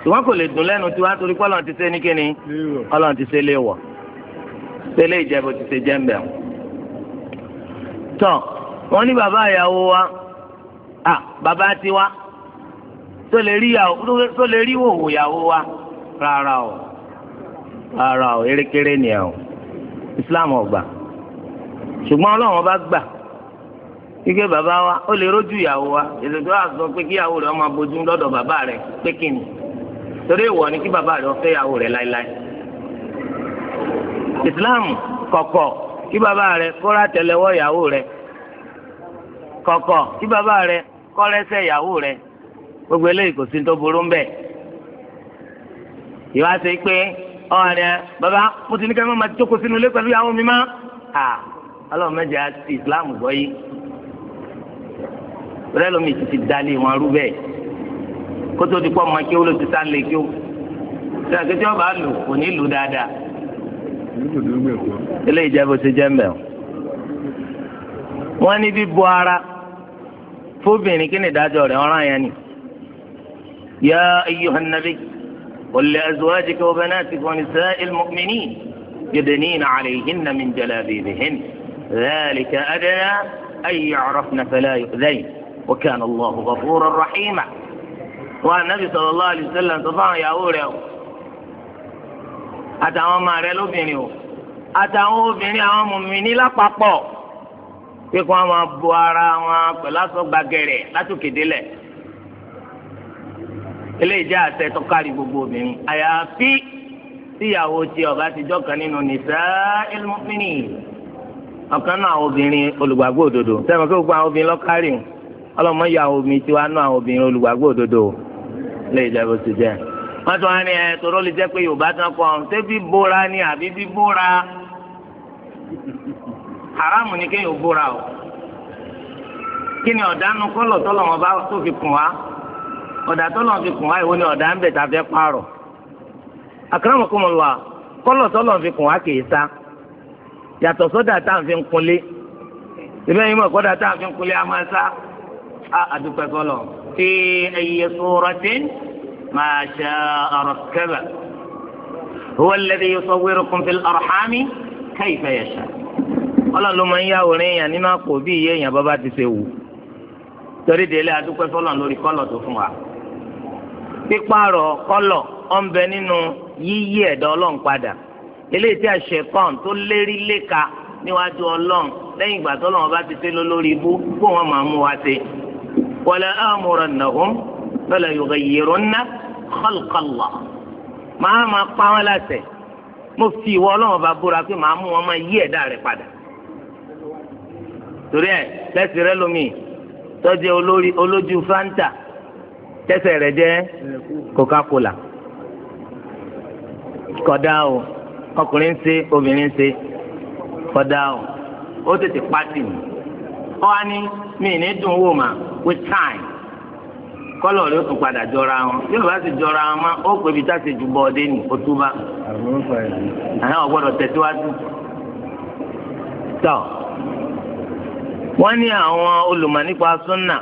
ṣùgbọ́n kò lè dùn lẹ́nu tiwa torí pé ọlọ́run ti ṣe ní kíni ọlọ́run ti ṣe léèwọ̀ ṣe ìjẹ́bù ti ṣe jẹ́ ń bẹ̀rù. tọ́ wọ́n ní bàbá ìyàwó wa. à bàbá tiwa tó lè rí tó lè rí wòwò ìyàwó wa rárá o rárá o erékeré ni ẹ o Islam ọgbà ṣùgbọ́n Ọlọ́run bá gbà ike bàbá wa ó lè rójú ìyàwó wa èdè tó àsọ pé kí ìyàwó rẹ ọmọ abojú lọ́dọ̀ bàbá rẹ pé kí ni torí ìwọ ni kí bàbá rẹ ó fẹ́ ìyàwó rẹ láéláé Islam kọ̀kọ̀ kí bàbá rẹ kó ra tẹ̀lẹ́wọ́ ìyàwó rẹ kọ̀kọ̀ kí bàbá rẹ kọ́rẹ́sẹ̀ ìyàwó rẹ̀ gbogbo eléyìí kò sí tó burú mbẹ̀. ìwà ṣe pé ọ̀rẹ́ bàbá mo ti ní ká máa jókòó sínú ilé pẹ̀lú ìyàwó mi má. ọlọ́run mẹ́jẹ àti ìsìláàmù gbọ́ yìí. rẹ́ lómi ti ti dalé wọn rú bẹ́ẹ̀ kótó ti pọ́ ọmọ kí ó ló ti sá lé kí ó. ṣé àkẹ́tẹ́ ọba lò kò ní lù dáadáa. eléyìí jẹ́ bó ṣe jẹ́ mbẹ́ o. wọ́n ní bíbu ara. فوبيني كني داجوري وراه يعني يا أيها النبي قل لأزواجك وبناتك ونساء المؤمنين يدنين عليهن من جلابيبهن ذلك أدنى أن يعرفن فلا يؤذين وكان الله غفورا رحيما والنبي صلى الله عليه وسلم تفاعل يا أوري أتعوى ما رأي لبيني أتعوى بيني أمو مني لا بطو. pé kí wọn máa bo ara wọn pẹ̀lú aṣọ gbàgẹ̀rẹ̀ látòkèdélẹ̀ eléyìí jẹ́ àṣẹ tó gbogbo obìnrin àyàfi tíyàwó tí ọba ti jọ́kan nínú nisa'il mu'minin ọ̀kan náà obìnrin olùgbàgbọ́ òdodo sẹ́wọ̀n kí gbogbo àwọn obìnrin lọ́kárì ọlọmọ yà àwọn àwọn obìnrin òdodo eléyìí bó ti jẹ́ wọ́n tún wá ní lè haramu ni kéèyàn búra o kí ni ọ̀dánù kọ́lọ̀ tọ́lọ̀ wọn bá tó fi kùn wá ọ̀dà tọ́lọ̀ fi kùn wá ìwọ ni ọ̀dà ń bẹ̀ tá a fẹ́ pààrọ̀ akramakumullah kọ́lọ̀ tọ́lọ̀ fi kùn wá kìí sá yàtọ̀ sọ́dà tá à fi ń kunlé ìbẹ́ yìí mọ̀ kọ́dà tá à fi ń kunlé a máa sá a àdúpẹ́ kọ́lọ̀ fi ayyi suratin ma sha'a rakkaba huwa alladhi yusawwirukum ọlọ́run ló máa ń yàwòrán èèyàn nínú àpò bí iye èèyàn bá bá ti ṣe wù torí délé adúpẹ́ fọlọ́n lórí kọ́lọ̀ tó fún wa pípààrọ̀ kọ́lọ̀ ọ̀nbẹ nínú yíyí ẹ̀dá ọlọ́run padà eléyìí tí àṣekọ́n tó lérí léka níwájú ọlọ́run lẹ́yìn ìgbà tọ́lọ́run bá ti ṣe lólórí ibú kó wọ́n máa mú wa ṣe wala amurannahum fala yughayyirunna khalqallah máa máa pa wọn láṣẹ mo fi ìwọ ọlọ́run bá búra pé màá mú wọn máa yí ẹ̀dá rẹ̀ padà torí ẹ lẹ́sìn rẹ lómi tọ́jú olórí olójú fanta tẹ́sẹ̀ rẹ jẹ́ coca-cola o ọkùnrin ṣe obìnrin ṣe o ó tètè pàtì ní ọ wá ní mi ní dùn wò mà with time kọlọ jọra wọn yóò bá jọra wọn má ó pè táṣe ju bọ ọdẹ ní otúbá àwọn ọgbọdọ tẹsíwájú So, wọ́n ní àwọn olùmọ̀ nípa súnà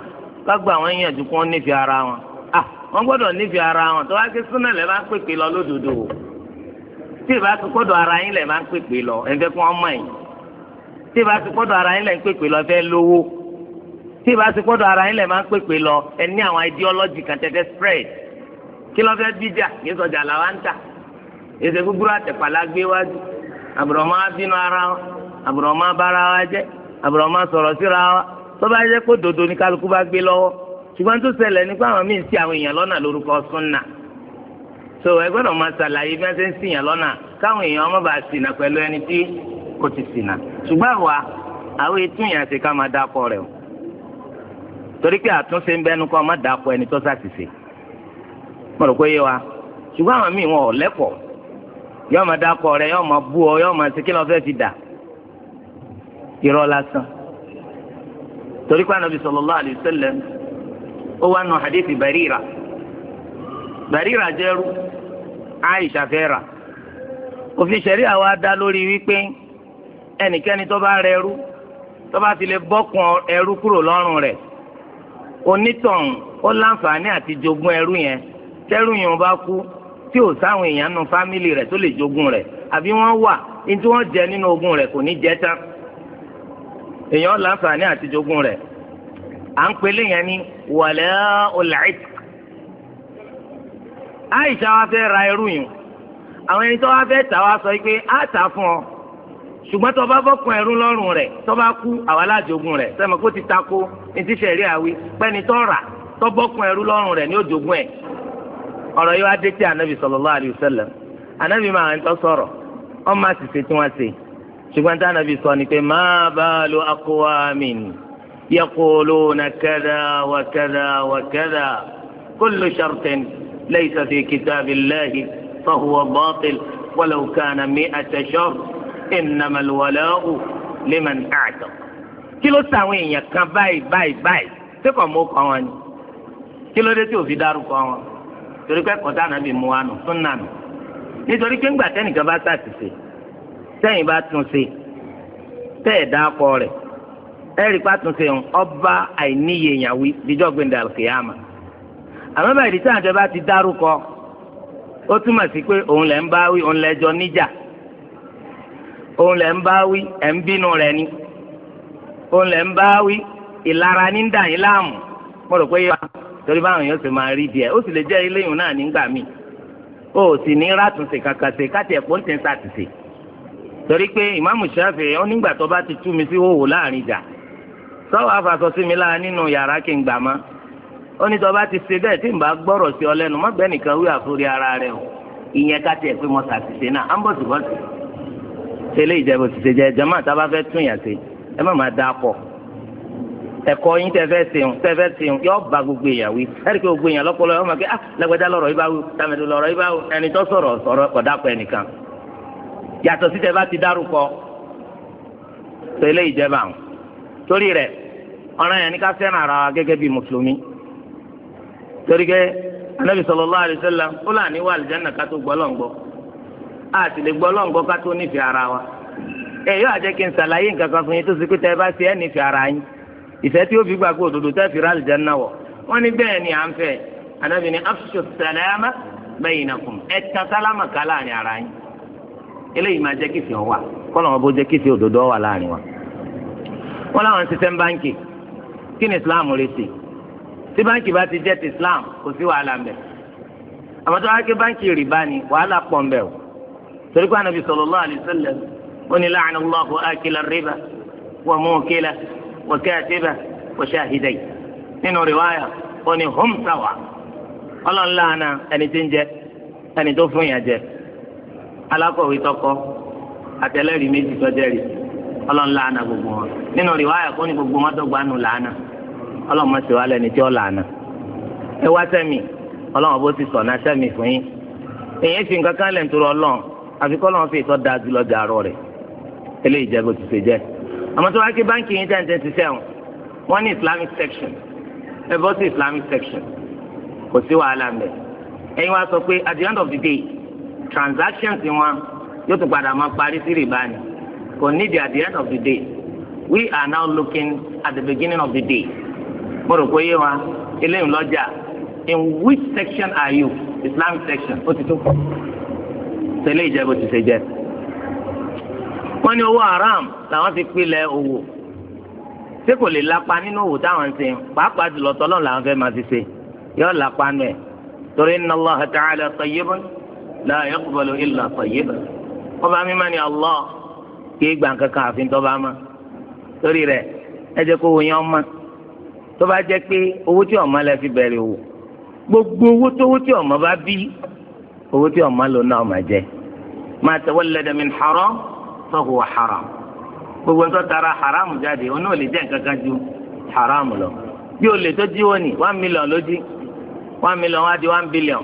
kágbà àwọn èèyàn jù kún nífẹ̀ẹ́ ara wọn à wọ́n gbọ́dọ̀ nífẹ̀ẹ́ ara wọn tó wá sí súnà lẹ́ máa ń pèpè lọ lódodo o tí ì bá ti kọ́dọ̀ ara yín lẹ́ máa pèpè lọ ẹ̀fẹ́ kí wọ́n mọ̀ yín tí ì bá ti kọ́dọ̀ ara yín lẹ́ pèpè lọ fẹ́ lówó tí ì bá ti kọ́dọ̀ ara yín lẹ́ máa pèpè lọ ẹ ní àwọn ideology kan tẹ́tẹ́ spread kí lọ́ fẹ́ bíjà kí sọjà làwọn ń tà èsè gbogbo àtẹ̀pàlà gbé wájú àbùrọ̀mọ́ bínú ara wọn àbùrọ̀mọ́ bára wa jẹ́ àbùrọ̀ máa sọ̀rọ̀ síra wa tó bá yẹ kó dodo ní kálukú bá gbé lọ́wọ́ ṣùgbọ́n tó ṣẹlẹ̀ nípa àwọn míì sí àwọn èèyàn lọ́nà lórúkọ súnà so ẹ gbọ́dọ̀ máa ṣàlàyé bí wọ́n ṣe ń sìyàn lọ́nà káwọn èèyàn ọmọ bá ṣìnà pẹ̀lú ẹni tí kò ti ṣìnà ṣùgbọ́n àwa àwọn ètò èèyàn ṣe ká máa dákọ rẹ̀ o torí pé àtúnṣe ń bẹnu kọ́ ọ dákọ ẹni tó ṣàṣìṣe mo rò pé yé wa ṣùgbọ́n àwọn míì wọn ò lẹ́kọ̀ọ́ yọ́ọ́ máa dákọ rẹ̀ yọ́ọ́ máa bú ọ yọ́ọ́ máa ṣe kí lọ́ọ́ fẹ́ fi dà irọ́ lásán torí pé anabi sallallahu alayhi wa sallam ó wà nù hadithi barira barira jẹ́rú aisha fẹ́ra òfin ṣẹ̀ríà wa dá lórí wípé ẹnikẹ́ni tó bá rẹrú tó bá ti lè bọ́kùn ẹrú kúrò lọ́rùn rẹ̀ onítọ̀hún ó láǹfààní àti jogún ẹrú yẹn tẹ́rù yẹn bá kú tí ò sáwọn èèyàn nu fámìlì rẹ̀ tó lè jogún rẹ̀ àbí wọ́n wà ní tí wọ́n jẹ nínú ogún rẹ̀ kò ní jẹ tán èèyàn láǹfààní àti jogún rẹ̀ à ń pelé yẹn ní wàlẹ́ ọ̀làìt. àìsà wa fẹ́ ra irú yìí àwọn ẹni tó wá fẹ́ tà wá sọ pé á tà fún ọ ṣùgbọ́n tó bá bọ́kun ẹrú lọ́rùn rẹ̀ tó bá kú àwa lájogún rẹ̀ sẹ́mi kó ti tako ní ti ṣẹ̀rí àwí pẹ́ni tó rà tó bọ́kun ẹrú lọ́rùn rẹ̀ ní òjogún ẹ̀ ọ̀rọ̀ yìí wá dé tí anabi sallallahu alaihi anabi máa ń tọ́ sọ̀rọ̀ ọ́n máa sì ṣe tí wọ́n ṣe ṣùgbọ́n táwọn nàbí sọ ni pé máa bá a lo aqwamin yaquluna kadha wa kadha wa kadha kullu shartin laysa fi kitabillahi fahuwa batil walau kana mi'ata shart innamal wala'u liman a'taq. kí ló sàwọn èèyàn kan báyìí báyìí báyìí tí kò mú kọ́ wọn ni kí ló dé tí òfin dárúkọ wọn torí pé kọ́tà nàbì mú wa nù súnà nù nítorí pé ńgbà tẹ́nìkan bá sàtìsẹ́ tẹ́yìn bá tún ṣe tẹ́ ẹ̀ dá kọ rẹ̀ ẹ̀rí pàtúnṣe ń ọba àìníye ìyàwó díjọ́ gbẹ̀ndà kìyàmà àmọ́ báyìí di sáà ìjọba ti dárúkọ ó túmọ̀ sí pé òun lẹ̀ ń bá wí òun lẹ̀ jọ níjà òun lẹ̀ ń bá wí ẹ̀ ń bínú rẹ̀ ni òun lẹ̀ ń bá wí ìlara ní dà yín láàmú mo rò pé yóò torí báwọn èèyàn sì máa rí díẹ̀ ó sì lè jẹ́ iléyìn náà nígbà míì ó sì ní rátùnṣe kàkàṣe káti ẹ̀pọ̀ ń tẹ̀ ń sàtìṣe. torí pé ìmáàmù Ṣáfi'í nígbà tó bá ti tú mi sí hòhò láàrin ìjà sọ́wọ́ afasọ sí nínú yàrá kí n gbà má ti ṣe tí n bá gbọ́rọ̀ sí ọ lẹ́nu má bẹ́ẹ̀ nìkan ara rẹ o ìyẹn ká tiẹ̀ pé mo náà á ń bọ̀ sí ti ṣe jama fẹ́ tún ẹ má máa dáa pọ̀ ẹ̀kọ́ yín tẹ́fẹ́ tẹ́fẹ́ ba gbogbo ẹ̀rí pé gbogbo lọ́pọ̀lọpọ̀ ọmọ kí ah, lọ́rọ̀ yìí bá wù lọ́rọ̀ yìí bá wù ẹni tó sọ̀rọ̀ yàtọ̀ sí tẹ ti dárúkọ tẹlẹ ìjẹba àwọn torí rẹ̀ ọ̀ràn yẹn ní ká fẹ́ràn ara wa gẹ́gẹ́ bí mùsùlùmí torí pé anabi sallallahu alaihi wasallam ó wà ká a sì lè gbọ́ ká tó nífẹ̀ẹ́ ara wa ẹ yóò àjẹ́ kí n sàlàyé nǹkan kan fún yín tó sì pé ti ẹ́ nífẹ̀ẹ́ ara yín ìfẹ́ tí ó fi gbàgbé tẹ́ fi wọ̀ wọ́n ní bẹ́ẹ̀ ni à ń fẹ́ anabi ni eléyìí máa jẹ́ kìfì ọ̀wà kọ́lọ̀ wọn bó jẹ́ kìfì òdodo ọ̀wà láàrin wa. wọ́n láwọn ń ṣiṣẹ́ báńkì kí ni islam rè sí tí báńkì bá ti jẹ́ ti islam kò sí wàhálà ń bẹ̀. àmọ́ tó wá ké báńkì rìbá ni wàhálà pọ̀ ń bẹ̀ o torí pé anabi sallallahu alaihi wasallam ó ní la'ana Allahu akila riba wa mukila wa katiba wa shahidai nínú riwaya ó ní hum sawa ọlọ́run láàánà ẹni alákọ̀wé tọkọ àtẹlẹ́rìí méjì tọ́jẹ́rìí ọlọ́run gbogbo wọn nínú rìwáyà kó ní gbogbo wọn dọ́gba nù ọlọ́run mọ̀ sí wa lẹ́ni tí ó ẹ wá sẹ́mi ọlọ́run bó ti sọ̀ náà sẹ́mi fún yín èyí fi nǹkan kan lẹ̀ ń torọ ọlọ́run àfi kọ́ ọlọ́run fi ìtọ́ da jùlọ dàrọ rẹ̀ eléyìí jẹ́ bó ti ṣe jẹ́ àmọ́ tó wá kí báńkì yín tẹ̀ ń wọn ní islamic section transactions wọn yóò tún padà máa parí sí rìbá ni kò ní di at the end of the day we are now looking at the beginning of the day mo rò pé yé wa eléyìí lọ́jà in which section are you islamic section ó ti tó tẹ̀lé ìjẹ́bù ti ṣe jẹ́ wọ́n ní owó haram làwọn ti pilẹ̀ owó ṣé kò lè lapa nínú òwò táwọn ń ṣe pàápàá jùlọ tọ́lọ́ làwọn fẹ́ máa ti ṣe yọ lapa nù ẹ̀ torí inna Allaha ta'ala tayyibun la yaqbalu illa tayyiban ọba mímọ́ ni Allah kí gbà kankan àfin tọ́ba ma torí rẹ̀ ẹ jẹ́ kó wọ́n yẹn ọmọ tó bá jẹ́ pé owó tí ọmọ lẹ fi bẹ̀rẹ̀ wò gbogbo owó tó owó tí ọmọ bá bí owó tí ọmọ lò náà mà jẹ́ ma tawallada min haram fa huwa haram gbogbo ń tọ́ tara haram jáde òun náà lè jẹ́ nǹkan kan ju haram lọ bí olè tó jíwọ́ ni one million ló jí one million wá di one billion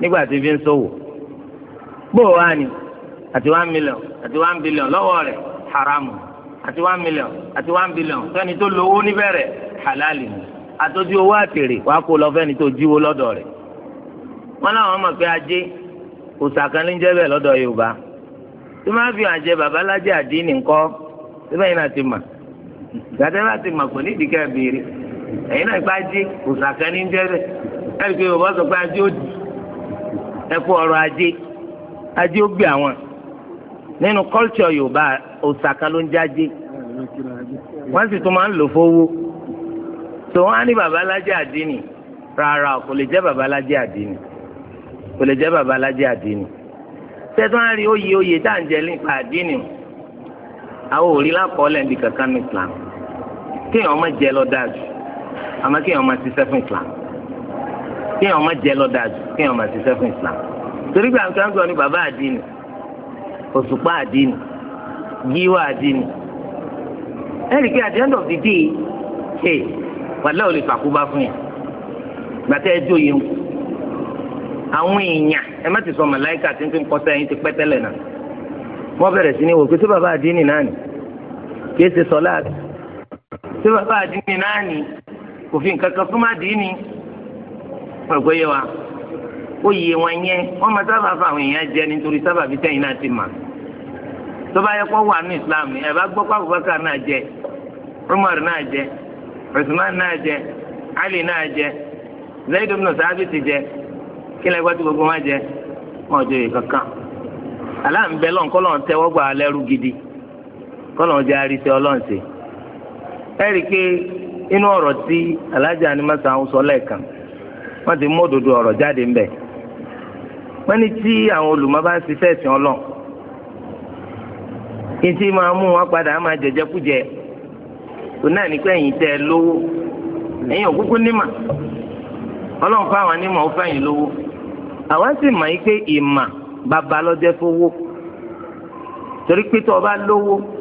nígbà tí fi ń ṣòwò. So bóò wá ni àti one million àti one billion lọ́wọ́ rẹ̀ haramu àti one million àti one billion fẹ́ni tó lówó níbẹ̀rẹ̀ halali ni àtọ́jú owó àtèrè wàá kó lọ fẹ́ni tó jíwó lọ́dọ̀ rẹ̀ wọn làwọn mọ̀ pé ajé òsàkánlé ń jẹ́ bẹ́ẹ̀ lọ́dọ̀ yorùbá tí wọ́n fi àjẹ babalájẹ àdínì ńkọ́ tí bẹ́ẹ̀ náà ti mà gàdé bá ti mà kò ní ìdíkẹ́ béèrè ẹ̀yin náà gbájé ajé ó di ẹ̀kú ọrọ̀ ajé ajé ó gbé àwọn nínú culture yorùbá òsàkà ló ń jáde wọ́n sì tún máa ń lò fowó tó wọ́n á ní babalájẹ àdínì rárá kò lè jẹ́ babalájẹ àdínì kò lè jẹ́ babalájẹ àdínì tẹ́tọ́ á rí oyè oyè tá à ń jẹ nípa àdínì àwọn ò rí lákọọ́lẹ̀ níbi kankan ní islam kéèyàn ọmọ jẹ lọ dájú àmọ́ kéèyàn ọmọ ṣiṣẹ́ fún islam kéèyàn ọmọ jẹ lọ dájú kéèyàn ọmọ ṣiṣẹ́ fún islam torí pé àǹkà ń sọ ni bàbá àdínì òṣùpá àdínì gíwá àdínì ẹ̀rí pé at the end of the day ṣe wàlẹ́ ò lè fàkóbá fún yà gbàtẹ́ ẹjọ́ yẹn àwọn èèyàn ẹ má ti sọ màláìka tí ń ti ń kọ́ sẹ́yìn ti pẹ́ tẹ́lẹ̀ náà wọ́n bẹ̀rẹ̀ sí ní wò pé sí bàbá àdínì náà ni kìí ṣe sọ láàbì sí bàbá àdínì náà ni kò fi fún má dínì oyè wọn yẹn wọn máa sábà fa àwọn èèyàn jẹ nítorí sábà fi tẹ̀yìn náà ti mà tọ́ba yẹ kó wà ní islam bá gbọ́ abubakar náà jẹ umar náà jẹ usman náà jẹ ali náà jẹ zayd ibn sábì ti jẹ gbogbo wọn jẹ wọn jọ yìí kankan aláǹbẹ̀ lọ́n kọ́ lọ́n tẹ́wọ́ gidi kọ́ lọ́n jẹ́ pé inú ọ̀rọ̀ tí alájà ni sọ lẹ́ẹ̀kan wọ́n ti wọ́n ní tí àwọn olùmọ̀ bá ń ṣiṣẹ́ ẹ̀sìn ọlọ́run kí n ti máa mú wọn padà á máa jẹjẹkújẹ tó náà ní pé ẹ̀yin tẹ́ ẹ lówó ẹ̀yin òkúkú nímọ̀ ọlọ́run fún àwọn nímọ̀ ó lówó àwa sì mọ̀ yí pé ìmọ̀ bàbá fowó torí pé tó o bá lówó.